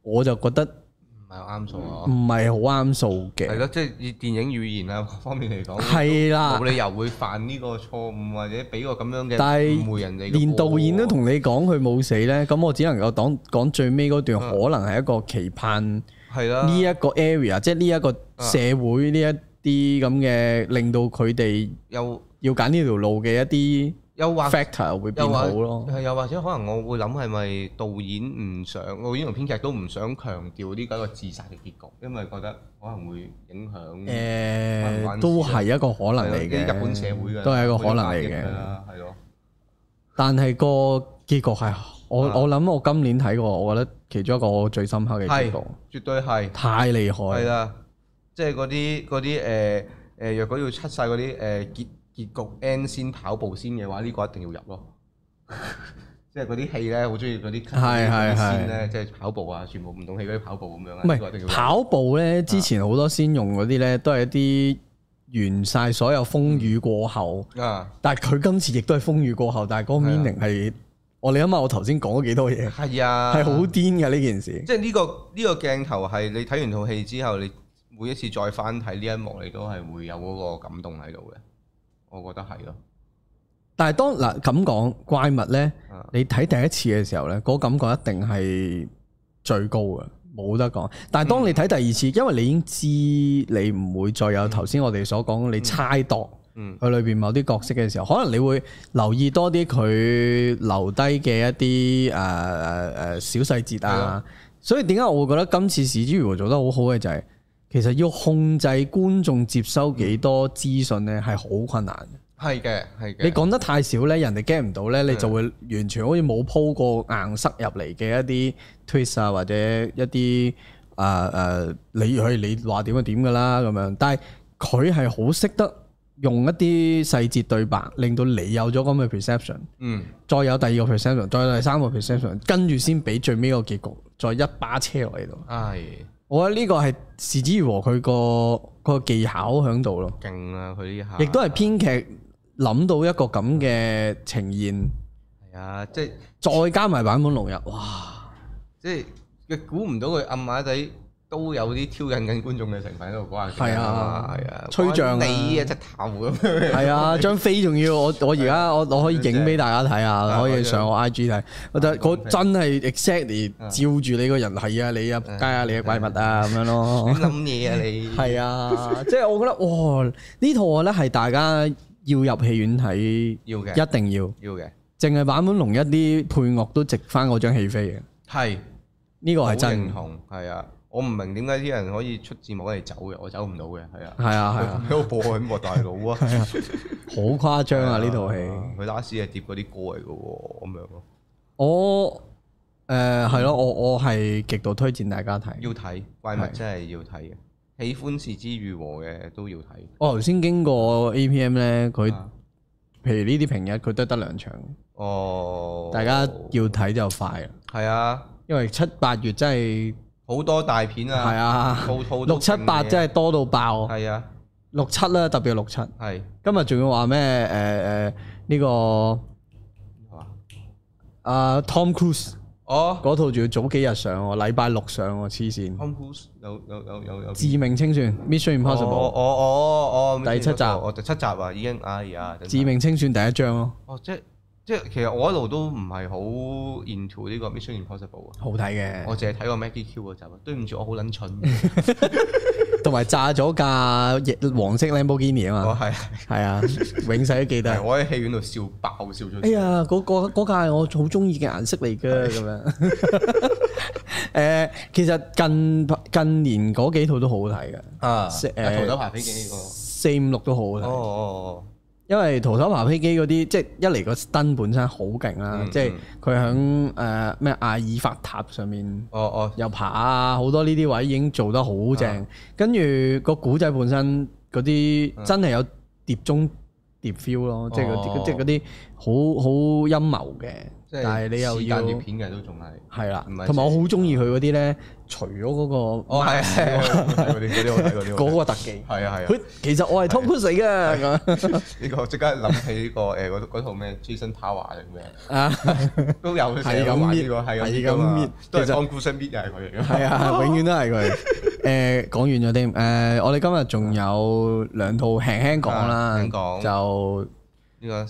我就覺得唔係好啱數啊。唔係好啱數嘅。係咯，即係以電影語言啊方面嚟講。係啦。冇理由會犯呢個錯誤，或者俾個咁樣嘅。但係人哋連導演都同你講佢冇死咧，咁我只能夠講講最尾嗰段可能係一個期盼。係啦。呢一個 area，即係呢一個社會呢一。啲咁嘅令到佢哋又要揀呢條路嘅一啲 factor 會變好咯。係，又或者可能我會諗係咪導演唔想，導演同編劇都唔想強調呢個一個自殺嘅結局，因為覺得可能會影響誒，都係一個可能嚟嘅。日本社會嘅都係一個可能嚟嘅。係咯。但係個結局係我我諗我今年睇過，我覺得其中一個我最深刻嘅結局，絕對係太厲害。係啦。即係嗰啲嗰啲誒誒，若果要出晒嗰啲誒結結局 N 先跑步先嘅話，呢個一定要入咯。即係嗰啲戲咧，好中意嗰啲先咧，即係跑步啊，全部唔同戲嗰啲跑步咁樣。唔係跑步咧，之前好多先用嗰啲咧，都係一啲完晒所有風雨過後。啊！但係佢今次亦都係風雨過後，但係嗰個 meaning 係我你諗下，我頭先講咗幾多嘢？係啊，係好癲㗎呢件事。即係呢個呢個鏡頭係你睇完套戲之後你。每一次再翻睇呢一幕，你都係會有嗰個感動喺度嘅，我覺得係咯。但係當嗱咁講怪物咧，啊、你睇第一次嘅時候咧，嗰感覺一定係最高嘅，冇得講。但係當你睇第二次，嗯、因為你已經知你唔會再有頭先我哋所講、嗯、你猜度裡嗯，嗯，佢裏邊某啲角色嘅時候，可能你會留意多啲佢留低嘅一啲誒誒誒小細節啊。的所以點解我會覺得今次是枝裕和做得好好嘅就係、是。其實要控制觀眾接收幾多資訊咧，係好困難嘅，係嘅，係嘅。你講得太少咧，人哋驚唔到咧，你就會完全好似冇鋪過硬塞入嚟嘅一啲 twist 啊，或者一啲誒誒，你去你話點啊點噶啦咁樣。但係佢係好識得用一啲細節對白，令到你有咗咁嘅 perception。嗯。再有第二個 perception，再有第三個 perception，跟住先俾最尾個結局，再一巴車落嚟度。係。我覺得呢個係時之如和佢個嗰個技巧喺度咯，勁呀佢呢下，亦都係編劇諗到一個咁嘅呈現，係啊、嗯，即係再加埋版本融日，哇！即係佢估唔到佢暗埋底。都有啲挑釁緊觀眾嘅成分喺度，關係係啊，吹脹你啊，隻頭咁樣。係啊，張飛仲要我，我而家我我可以影俾大家睇下，可以上我 IG 睇。我就個真係 exactly 照住你個人係啊，你啊，仆街啊，你嘅怪物啊咁樣咯。諗嘢啊，你係啊，即係我覺得哇，呢套咧係大家要入戲院睇，要嘅，一定要，要嘅。淨係坂本龍一啲配樂都值翻嗰張戲飛嘅，係呢個係真。好認同，係啊。我唔明點解啲人可以出字幕嚟走嘅，我走唔到嘅，係啊，係啊，係啊，喺度播緊喎，大佬啊，好、 [laughs] 啊、誇張啊！呢套戲，佢打屎係貼嗰啲歌嚟嘅喎，咁樣咯。哦，誒係咯，我、嗯呃啊、我係極度推薦大家睇，要睇怪物真係要睇嘅，喜歡是枝裕和嘅都要睇。我頭先經過 APM 咧，佢、啊、譬如呢啲平日佢都得兩場，哦，大家要睇就快啦，係啊，因為七八月真係。好多大片啊，啊，套六七八真係多到爆。係啊，六七啦，特別六七。係是今日仲要話咩？誒、呃、誒，呢、呃這個啊、呃、Tom Cruise 哦，嗰套仲要早幾日上、啊，禮拜六上、啊，黐線。Tom Cruise 有有有有有。致命清算，Mission Impossible 哦。哦哦哦，哦第七集、哦。第七集啊，已經哎呀。致命清算第一章咯、啊。哦，即係。即係其實我一路都唔係好 into 呢個《Mission Impossible》好睇嘅，我淨係睇過《Maggie Q》嗰集，對唔住我好撚蠢，同埋 [laughs] 炸咗架黃色 Lamborghini、 [laughs] 哦、啊嘛，係係啊，永世都記得。我喺戲院度笑爆笑，笑咗。哎呀，嗰架係我好中意嘅顏色嚟嘅咁樣。誒、啊， [laughs] 其實近近年嗰幾套都好好睇嘅啊，四誒逃走拍飛機呢個四五六都好啊。好哦。因為徒手爬飛機嗰啲，即係一嚟個燈本身好勁啦，嗯、即係佢響誒咩阿爾法塔上面，哦哦、又爬啊，好多呢啲位已經做得好正。哦、跟住個古仔本身嗰啲真係有碟中碟 feel 咯、嗯，哦、即係啲即係嗰啲好好陰謀嘅。但係你又要試片嘅都仲係係啦，同埋我好中意佢嗰啲咧，除咗嗰個哦係係嗰啲嗰啲嗰啲嗰個特技係啊係啊，佢其實我係湯告魯斯嘅呢個即刻諗起個誒嗰套咩 Jason Tower 定咩啊都有佢死咁面係啊，咁面都係 Angus 面又係佢係啊，永遠都係佢，誒講完咗啲，誒，我哋今日仲有兩套輕輕講啦，就。呢、這個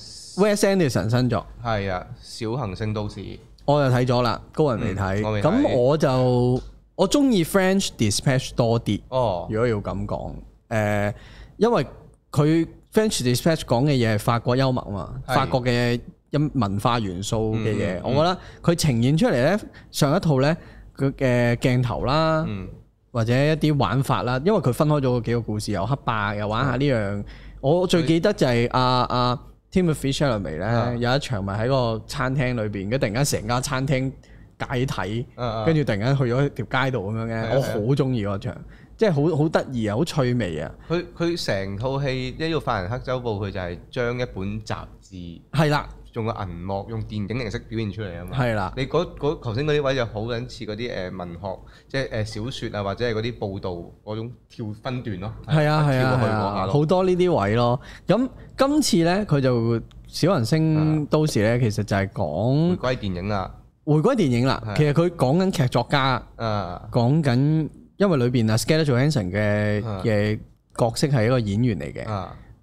Wes Anderson 新作，係啊，小行星都市，我又睇咗啦，高人未睇，咁、嗯、我，我就我中意 French Dispatch 多啲哦。如果要咁講，誒、呃，因為佢 French Dispatch 講嘅嘢係法國幽默啊嘛，是法國嘅音文化元素嘅嘢，嗯嗯、我覺得佢呈現出嚟咧，上一套咧佢嘅鏡頭啦，嗯、或者一啲玩法啦，因為佢分開咗幾個故事，又黑白，又玩下呢、這、樣、個，嗯、我最記得就係阿阿。啊啊啊啊《Team of Fish》入嚟咧，有一場咪喺個餐廳裏邊，佢突然間成間餐廳解體，跟住、uh. 突然間去咗條街度咁 Yeah. 樣嘅，我好中意嗰場，Yeah. 即係好好得意啊，好趣，趣味啊！佢佢成套戲一要發人黑周報，佢就係將一本雜誌係啦。用個銀幕用電影形式表現出嚟啊嘛，係啦。你嗰頭先嗰啲位就好撚似嗰啲誒文學，即係誒小説啊，或者係嗰啲報道嗰種跳分段咯。係啊係啊，好多呢啲位咯。咁今次咧佢就小行星都市咧，其實就係講回歸電影啦，回歸電影啦。其實佢講緊劇作家啊，講緊因為裏邊啊，Scarlett Johansson 嘅嘅角色係一個演員嚟嘅。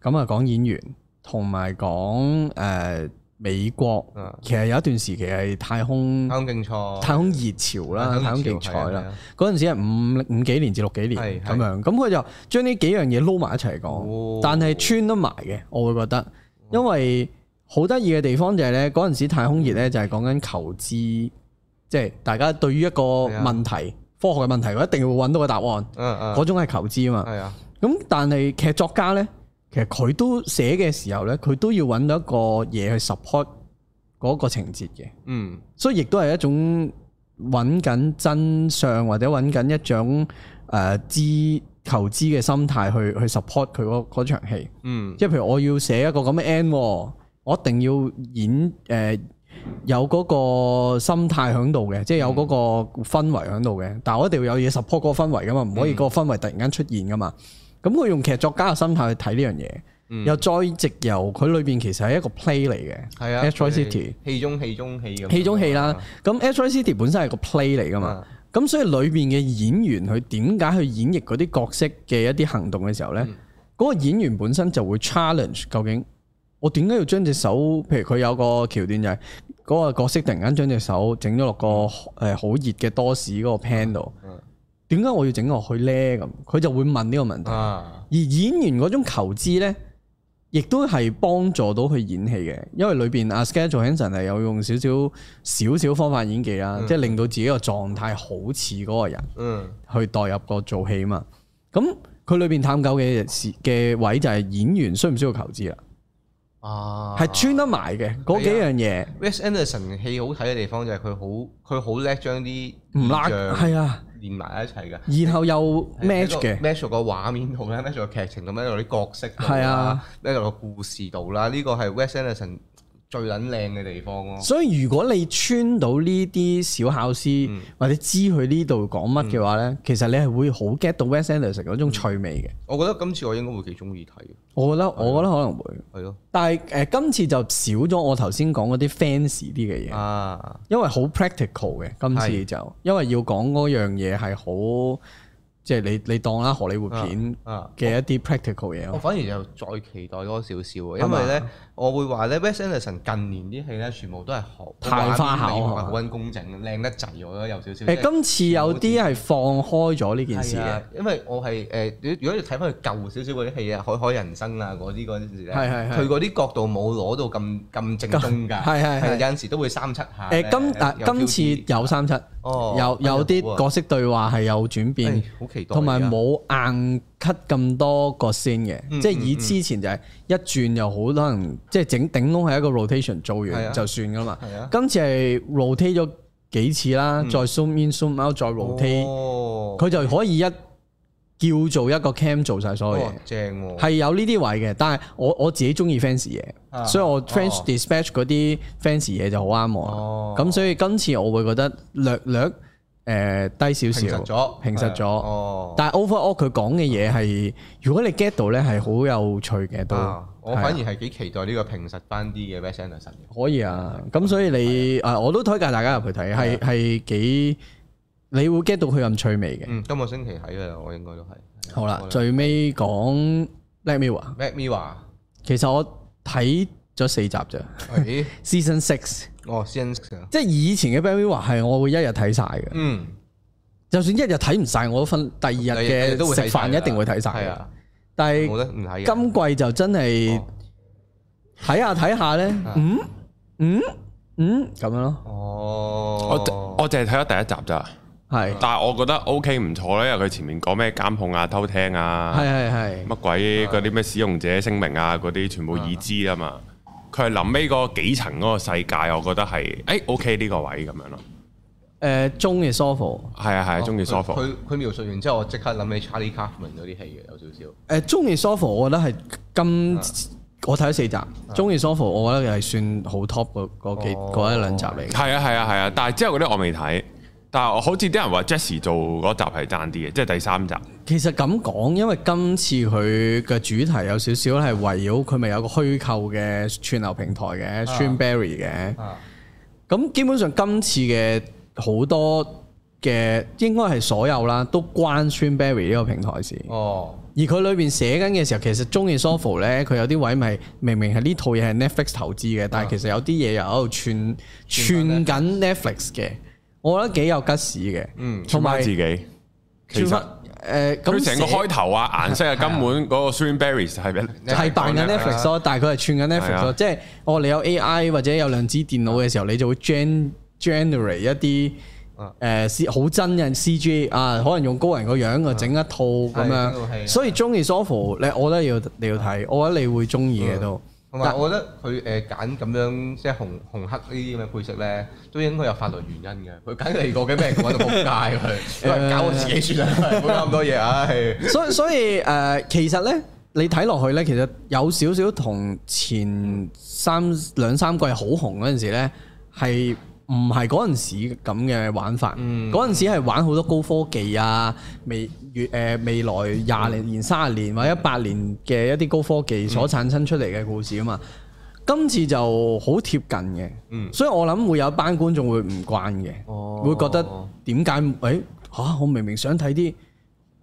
咁啊講演員同埋講誒。美國其實有一段時期係太空太空競賽、太空熱潮啦、太空競賽啦，嗰陣時係五五幾年至六幾年咁樣，咁佢就將呢幾樣嘢撈埋一齊講，但係穿得埋嘅，我會覺得，因為好得意嘅地方就係咧，嗰陣時太空熱咧就係講緊求知，即係大家對於一個問題、科學嘅問題，佢一定要揾到個答案，嗰種係求知啊嘛，咁但係其實劇作家咧。其實佢都寫嘅時候咧，佢都要揾到一個嘢去 support 嗰個情節嘅。嗯，所以亦都係一種揾緊真相或者揾緊一種誒知、呃、求知嘅心態去去 support 佢嗰嗰場戲。嗯，即係譬如我要寫一個咁嘅 end，我一定要演誒、呃、有嗰個心態喺度嘅，即係有嗰個氛圍喺度嘅。嗯、但係我一定要有嘢 support 嗰個氛圍噶嘛，唔可以嗰個氛圍突然間出現噶嘛。咁佢用劇作家嘅心態去睇呢樣嘢，嗯、又再直由佢裏邊其實係一個 play 嚟嘅。係啊，Asteroid City 戲中戲中戲咁，戲中戲啦。咁 Asteroid City 本身係個 play 嚟噶嘛，咁、嗯、所以裏邊嘅演員佢點解去演繹嗰啲角色嘅一啲行動嘅時候呢？嗰、嗯、個演員本身就會 challenge 究竟我點解要將隻手，譬如佢有個橋段就係嗰個角色突然間將隻手整咗落個誒好熱嘅多士嗰個 panel、嗯。嗯嗯點解我要整落去咧？咁佢就會問呢個問題。而演員嗰種求知咧，亦都係幫助到佢演戲嘅。因為裏邊阿 Scarlett Johansson 係有用少少，少少方法演技啦，即係、嗯、令到自己個狀態好似嗰個人。嗯，去代入個做戲嘛。咁佢裏邊探究嘅嘅位就係演員需唔需要求知啊？啊，係穿得埋嘅嗰幾樣嘢。Wes Anderson 戲好睇嘅地方就係佢好佢好叻將啲唔辣係啊連埋一齊嘅， [laughs] 然後又 match 嘅 [laughs] match 個的畫面度啦，match 個劇情咁樣，的有啲角色係啊呢個個故事度啦。呢個係 Wes Anderson。最撚靚嘅地方喎，所以如果你穿到呢啲小考師或者知佢呢度講乜嘅話咧，其實你係會好 get 到 West Enders o 嗰種趣味嘅。我覺得今次我應該會幾中意睇。我覺得我覺得可能會係咯，但係誒今次就少咗我頭先講嗰啲 fancy 啲嘅嘢，因為好 practical 嘅，今次就因為要講嗰樣嘢係好，即係你你當啦，荷里活片嘅一啲 practical 嘢。我反而又再期待多少少，因為咧。我會話咧，Wes Anderson 近年啲戲咧，全部都係好太花巧，畫面工整，靚得滯，我覺得有少少。誒，今次有啲係放開咗呢件事嘅、啊，因為我係誒、呃，如果你睇翻佢舊少少嗰啲戲啊，《海海人生啊》啊嗰啲嗰陣時咧，佢嗰啲角度冇攞到咁咁正宗㗎，係係係，有陣時都會三七下。誒、欸，今啊今次有三七、啊，有有啲角色對話係有轉變，哎、好期待、啊，同埋冇硬。cut 咁多個 scene 嘅、嗯， 即係以之前就係一轉又好多人，嗯、即係整頂籠係一個 rotation 做完就算噶啦嘛。啊啊、今次係 rotate 咗幾次啦，嗯、再 zoom in zoom out 再 rotate，佢、哦、就可以一叫做一個 cam 做晒所有嘢、哦。正喎、哦，係有呢啲位嘅，但係我我自己中意 fancy 嘢、啊， 所以我 French Dispatch 嗰啲 fancy 嘢就好啱我。咁、哦、所以今次我會覺得略略。誒、呃、低少少，平實咗，平實咗、啊。哦，但係 over all 佢講嘅嘢係，如果你 get 到咧，係好有趣嘅都、啊哦。我反而係幾期待呢個平實返啲嘅 Western 可以啊，咁所以你看看 [laughs] 啊，我都推介大家入去睇，係係幾，你會 get 到佢咁趣味嘅。今個星期睇嘅，我應該都係。錯好啦，最尾講 Let Me Wa。Let Me Wa。其實我睇咗四集啫。是 [laughs] Season Six。哦，即係以前嘅《Baby》話係我會一日睇晒嘅，嗯，就算一日睇唔晒，我都分第二日嘅都會食飯一定會睇晒嘅。但係今季就真係睇下睇下咧，嗯嗯嗯咁、嗯、樣咯。哦，我我淨係睇咗第一集咋，係是，但係我覺得 OK 唔錯咧，因為佢前面講咩監控啊、偷聽啊，係係係，乜鬼嗰啲咩使用者聲明啊，嗰啲全部已知啊嘛。佢係臨尾嗰幾層嗰個世界，我覺得係，誒、哎、OK 呢個位咁樣咯。誒、呃，中意 Sofa，係啊係啊，中意 Sofa。佢佢、哦、描述完之後，我即刻諗起 Charlie Kaufman 嗰啲戲嘅，有少少。誒、呃，中意 Sofa，我覺得係今，啊、我睇咗四集。中意 Sofa，我覺得又係算好 top 嗰嗰一兩集嚟。係、哦、啊係啊係啊，但係之後嗰啲我未睇。但好似啲人話 Jesse 做嗰集係爭啲嘅，即係第三集。其實咁講，因為今次佢嘅主題有少少係圍繞佢咪有個虛構嘅串流平台嘅 Streamberry 嘅。咁基本上今次嘅好多嘅，應該係所有啦，都關 Streamberry 呢個平台事。哦。都跟哦，而佢裏邊寫緊嘅時候，其實中意 Sofa 咧，佢有啲位咪明明係呢套嘢係 Netflix 投資嘅，啊、但係其實有啲嘢又喺度串串緊 Netflix 嘅。我覺得幾有吉士嘅，同埋自己其實誒，佢成個開頭啊，顏色啊，根本嗰個 Streamberry 係係扮緊 Netflix 囉，但係佢係串緊 Netflix 囉，即係我你有 AI 或者有量子電腦嘅時候，你就會 generate 一啲誒好真人 CG 啊，可能用高人個樣啊整一套咁樣，所以中意 sofa 你，我覺得要你要睇，我覺得你會中意嘅都。同我覺得佢誒揀咁樣即係紅紅黑呢啲咁嘅配色咧，都應該有法律原因嘅。佢揀第二嘅咩嘅話就冇界佢，因為搞我自己算啦，冇咁 [laughs] 多嘢啊。係。所以所以誒，其實咧，你睇落去咧，其實有少少同前三兩三季好紅嗰陣時咧係。唔係嗰陣時咁嘅玩法，嗰陣、嗯、時係玩好多高科技啊，未越誒、呃、未來廿零年、三十年或者百年嘅一啲高科技所產生出嚟嘅故事啊嘛。嗯、今次就好貼近嘅，嗯、所以我諗會有一班觀眾會唔慣嘅，哦、會覺得點解誒嚇？我明明想睇啲。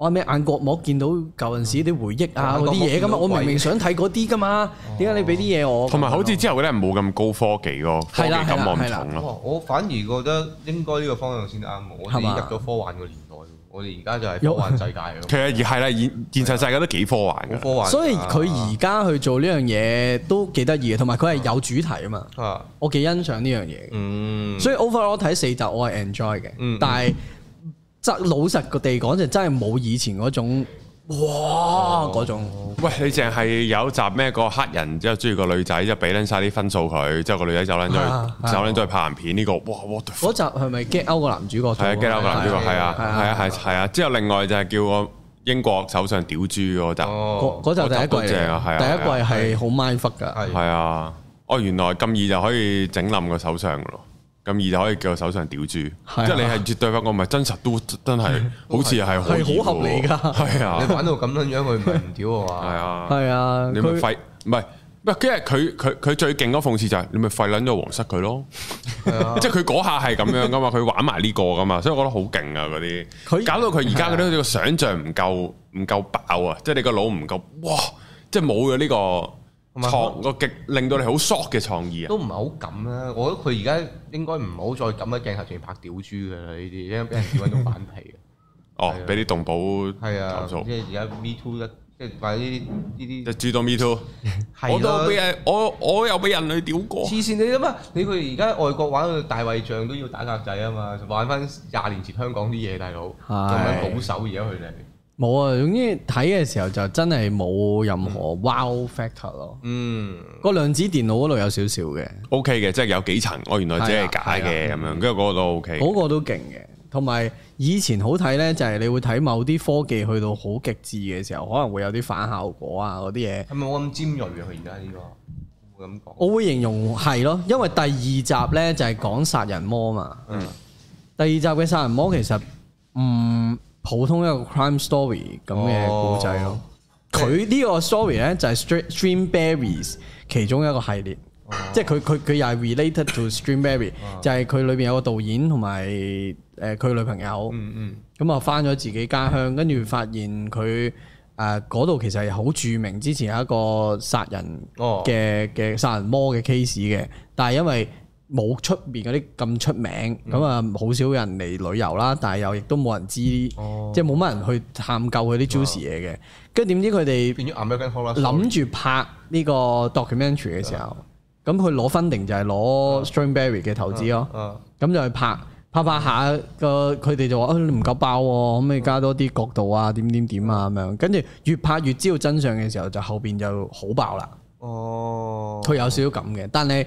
我咩眼角膜見到舊陣時啲回憶啊，嗰啲嘢噶嘛，我明明想睇嗰啲噶嘛，點解你俾啲嘢我？同埋好似之後嗰啲人冇咁高科技咯，科技感冇咁重咯。我反而覺得應該呢個方向先啱，我哋入咗科幻個年代，我哋而家就係科幻世界。其實而係啦，現現實世界都幾科幻嘅。所以佢而家去做呢樣嘢都幾得意嘅，同埋佢係有主題啊嘛。我幾欣賞呢樣嘢。嗯。所以 overall 睇四集我係 enjoy 嘅，但係。真老實個地講，就真係冇以前嗰種哇嗰種。喂，你淨係有集咩個黑人之後中意個女仔，之後就俾撚曬啲分數佢，之後個女仔走撚咗去，走撚咗去拍爛片呢個哇哇！嗰集係咪 get out 個男主角？係啊，get out 個男主角係啊，係啊，係啊，之後另外就係叫我英國首相屌豬嗰集。嗰集第一季，第一季係好 mind fuck 㗎。係啊，哦原來咁易就可以整冧個首相㗎咯。咁易就可以叫我手上屌住，啊、即係你係絕對話我唔係真實都真係，好似係好合理噶，係啊， [laughs] 你玩到咁樣樣，佢唔係唔屌啊係啊，係啊，你咪廢，唔係他，唔即係佢佢佢最勁嗰諷刺就係你咪廢撚咗王室佢咯，啊、 [laughs] 即係佢嗰下係咁樣噶嘛，佢玩埋呢個噶嘛，所以我覺得好勁啊嗰啲，人搞到佢而家嗰啲個想象唔夠唔夠爆啊，即係你個腦唔夠，哇，即係冇咗呢個。創個極令到你好 shock 嘅創意啊！都唔係好敢啦，我覺得佢而家應該唔好再咁喺鏡頭前面拍屌豬㗎啦，呢啲因為俾人屌到反皮 [laughs] 的哦，俾啲動保。係啊。即係而家 Me Too 一，即係話呢啲呢啲。一諸多 Me Too 的我。我都俾我我又俾人類屌過。黐線你啊嘛！你佢而家外國玩到大衞像都要打格仔啊嘛，玩翻廿年前香港啲嘢，大佬仲係保守而家佢哋。的冇啊！總之睇嘅時候就真係冇任何 wow factor 咯。嗯，個量子電腦嗰度有少少嘅，OK 嘅，即係有幾層。我、哦、原來只係假嘅咁、啊、樣，跟住嗰個都 OK。嗰個都勁嘅，同埋以前好睇咧，就係你會睇某啲科技去到好極致嘅時候，可能會有啲反效果啊，嗰啲嘢。係咪我咁尖銳嘅、啊。佢而家呢個，咁講。我會形容係咯，因為第二集咧就係講殺人魔嘛。嗯。第二集嘅殺人魔其實唔。嗯普通一個 crime story 咁嘅故仔咯，佢呢、oh, okay. 個 story 咧就係 Streamberry 其中一個系列，oh. 即係佢佢佢又係 related to Streamberry 就係佢裏邊有個導演同埋誒佢女朋友，咁啊返咗自己家鄉，跟住、oh. 發現佢誒嗰度其實係好著名，之前有一個殺人嘅嘅、oh. 殺人魔嘅 case 嘅，但係因為。冇出面嗰啲咁出名，咁啊好少人嚟旅遊啦，但係又亦都冇人知，即係冇乜人去探究佢啲 juicy 嘢嘅。跟住點知佢哋諗住拍呢個 documentary 嘅時候，咁佢攞分定就係攞 Streamberry 嘅投資咯。咁就去拍，拍拍下個佢哋就話，誒唔夠爆，可唔可以加多啲角度啊？點點點啊咁樣。跟住越拍越知道真相嘅時候，就後邊就好爆啦。哦，佢有少少咁嘅，但係。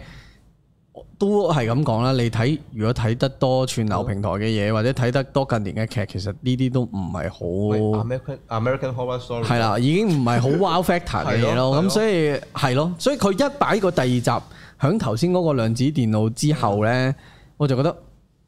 都係咁講啦，你睇如果睇得多串流平台嘅嘢，或者睇得多近年嘅劇，其實呢啲都唔係好。American, American Horror Story 係啦，已經唔係好 wow factor 嘅嘢咯。咁 [laughs] 所以係咯，所以佢一擺個第二集喺頭先嗰個量子電腦之後咧，我就覺得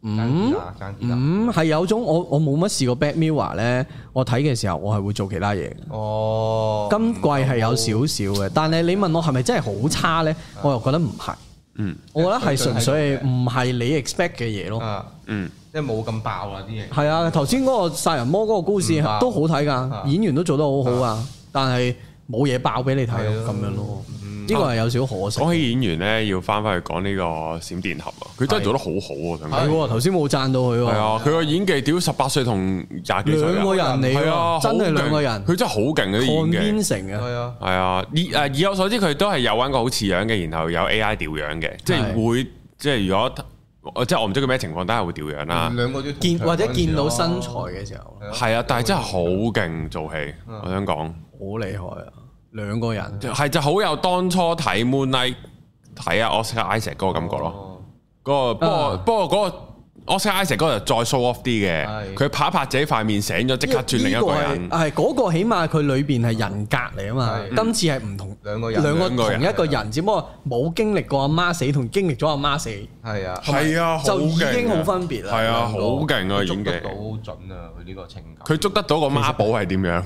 嗯嗯係有種我我冇乜試過。Black Mirror 咧，我睇嘅時候我係會做其他嘢。哦，今季係有少少嘅，但係你問我係咪真係好差咧，嗯嗯、我又覺得唔係。嗯，我覺得係純粹唔係你 expect 嘅嘢咯，嗯，嗯即係冇咁爆啊啲嘢。係、嗯、啊，頭先嗰個殺人魔嗰個故事爆都好睇㗎，演員都做得好好啊，但係冇嘢爆俾你睇咁的樣咯。呢個係有少可惜。講起演員咧，要翻返去講呢個閃電俠啊！佢真係做得好好啊，想講。係喎，頭先冇贊到佢喎。啊，佢個演技屌，十八歲同廿幾歲。兩個人，嚟係啊，真係兩個人。佢真係好勁嗰啲演技。韓成啊，係啊，以誒以我所知，佢都係有玩過好似樣嘅，然後有 AI 調樣嘅，即係會，即係如果即係我唔知佢咩情況，都係會調樣啦。兩個見或者見到身材嘅時候。係啊，但係真係好勁做戲，我想講。好厲害啊！兩個人，係就好有當初睇 Moonlight 睇啊 Oscar Isaac 嗰個感覺咯，嗰個不過不過嗰個 Oscar Isaac 嗰個就再 show off 啲嘅，佢拍一拍自己塊面醒咗，即刻轉另一個人。係嗰個起碼佢裏邊係人格嚟啊嘛，今次係唔同兩個人，兩個同一個人，只不過冇經歷過阿媽死同經歷咗阿媽死，係啊，係啊，就已經好分別啦。係啊，好勁啊，演技好準啊，佢呢個情感。佢捉得到個媽寶係點樣？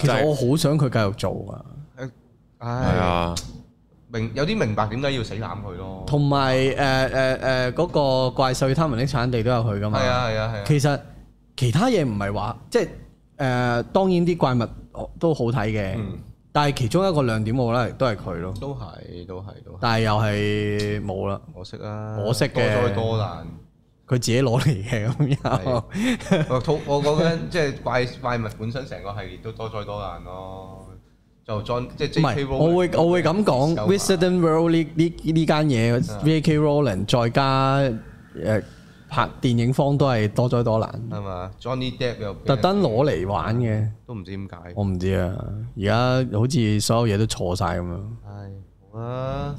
其實我好想佢繼續做啊。係啊，明有啲明白點解要死攬佢咯。同埋誒誒誒嗰個怪獸與他們的產地都有佢㗎嘛。係啊係啊係。啊其實其他嘢唔係話，即係誒、呃、當然啲怪物都好睇嘅，嗯、但係其中一個亮點我覺得都係佢咯。都係都係都。但係又係冇啦。可惜啊，可惜嘅多災多難，佢自己攞嚟嘅咁樣、啊。我我覺得即係怪怪物本身成個系列都多災多難咯。就再即係 J.K. Rowling。唔係，我會我會咁講，Wizarding World 呢呢呢間嘢，J.K. Rowling 再加誒拍電影方都係多災多難，係嘛？Johnny Depp 又特登攞嚟玩嘅，都唔知點解。我唔知啊，而家好似所有嘢都錯曬咁樣。係好啊，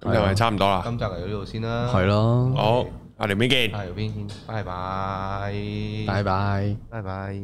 咁就係差唔多啦。今集嚟到呢度先啦。係咯。好，阿梁邊見。阿梁邊見。拜拜。拜拜。拜拜。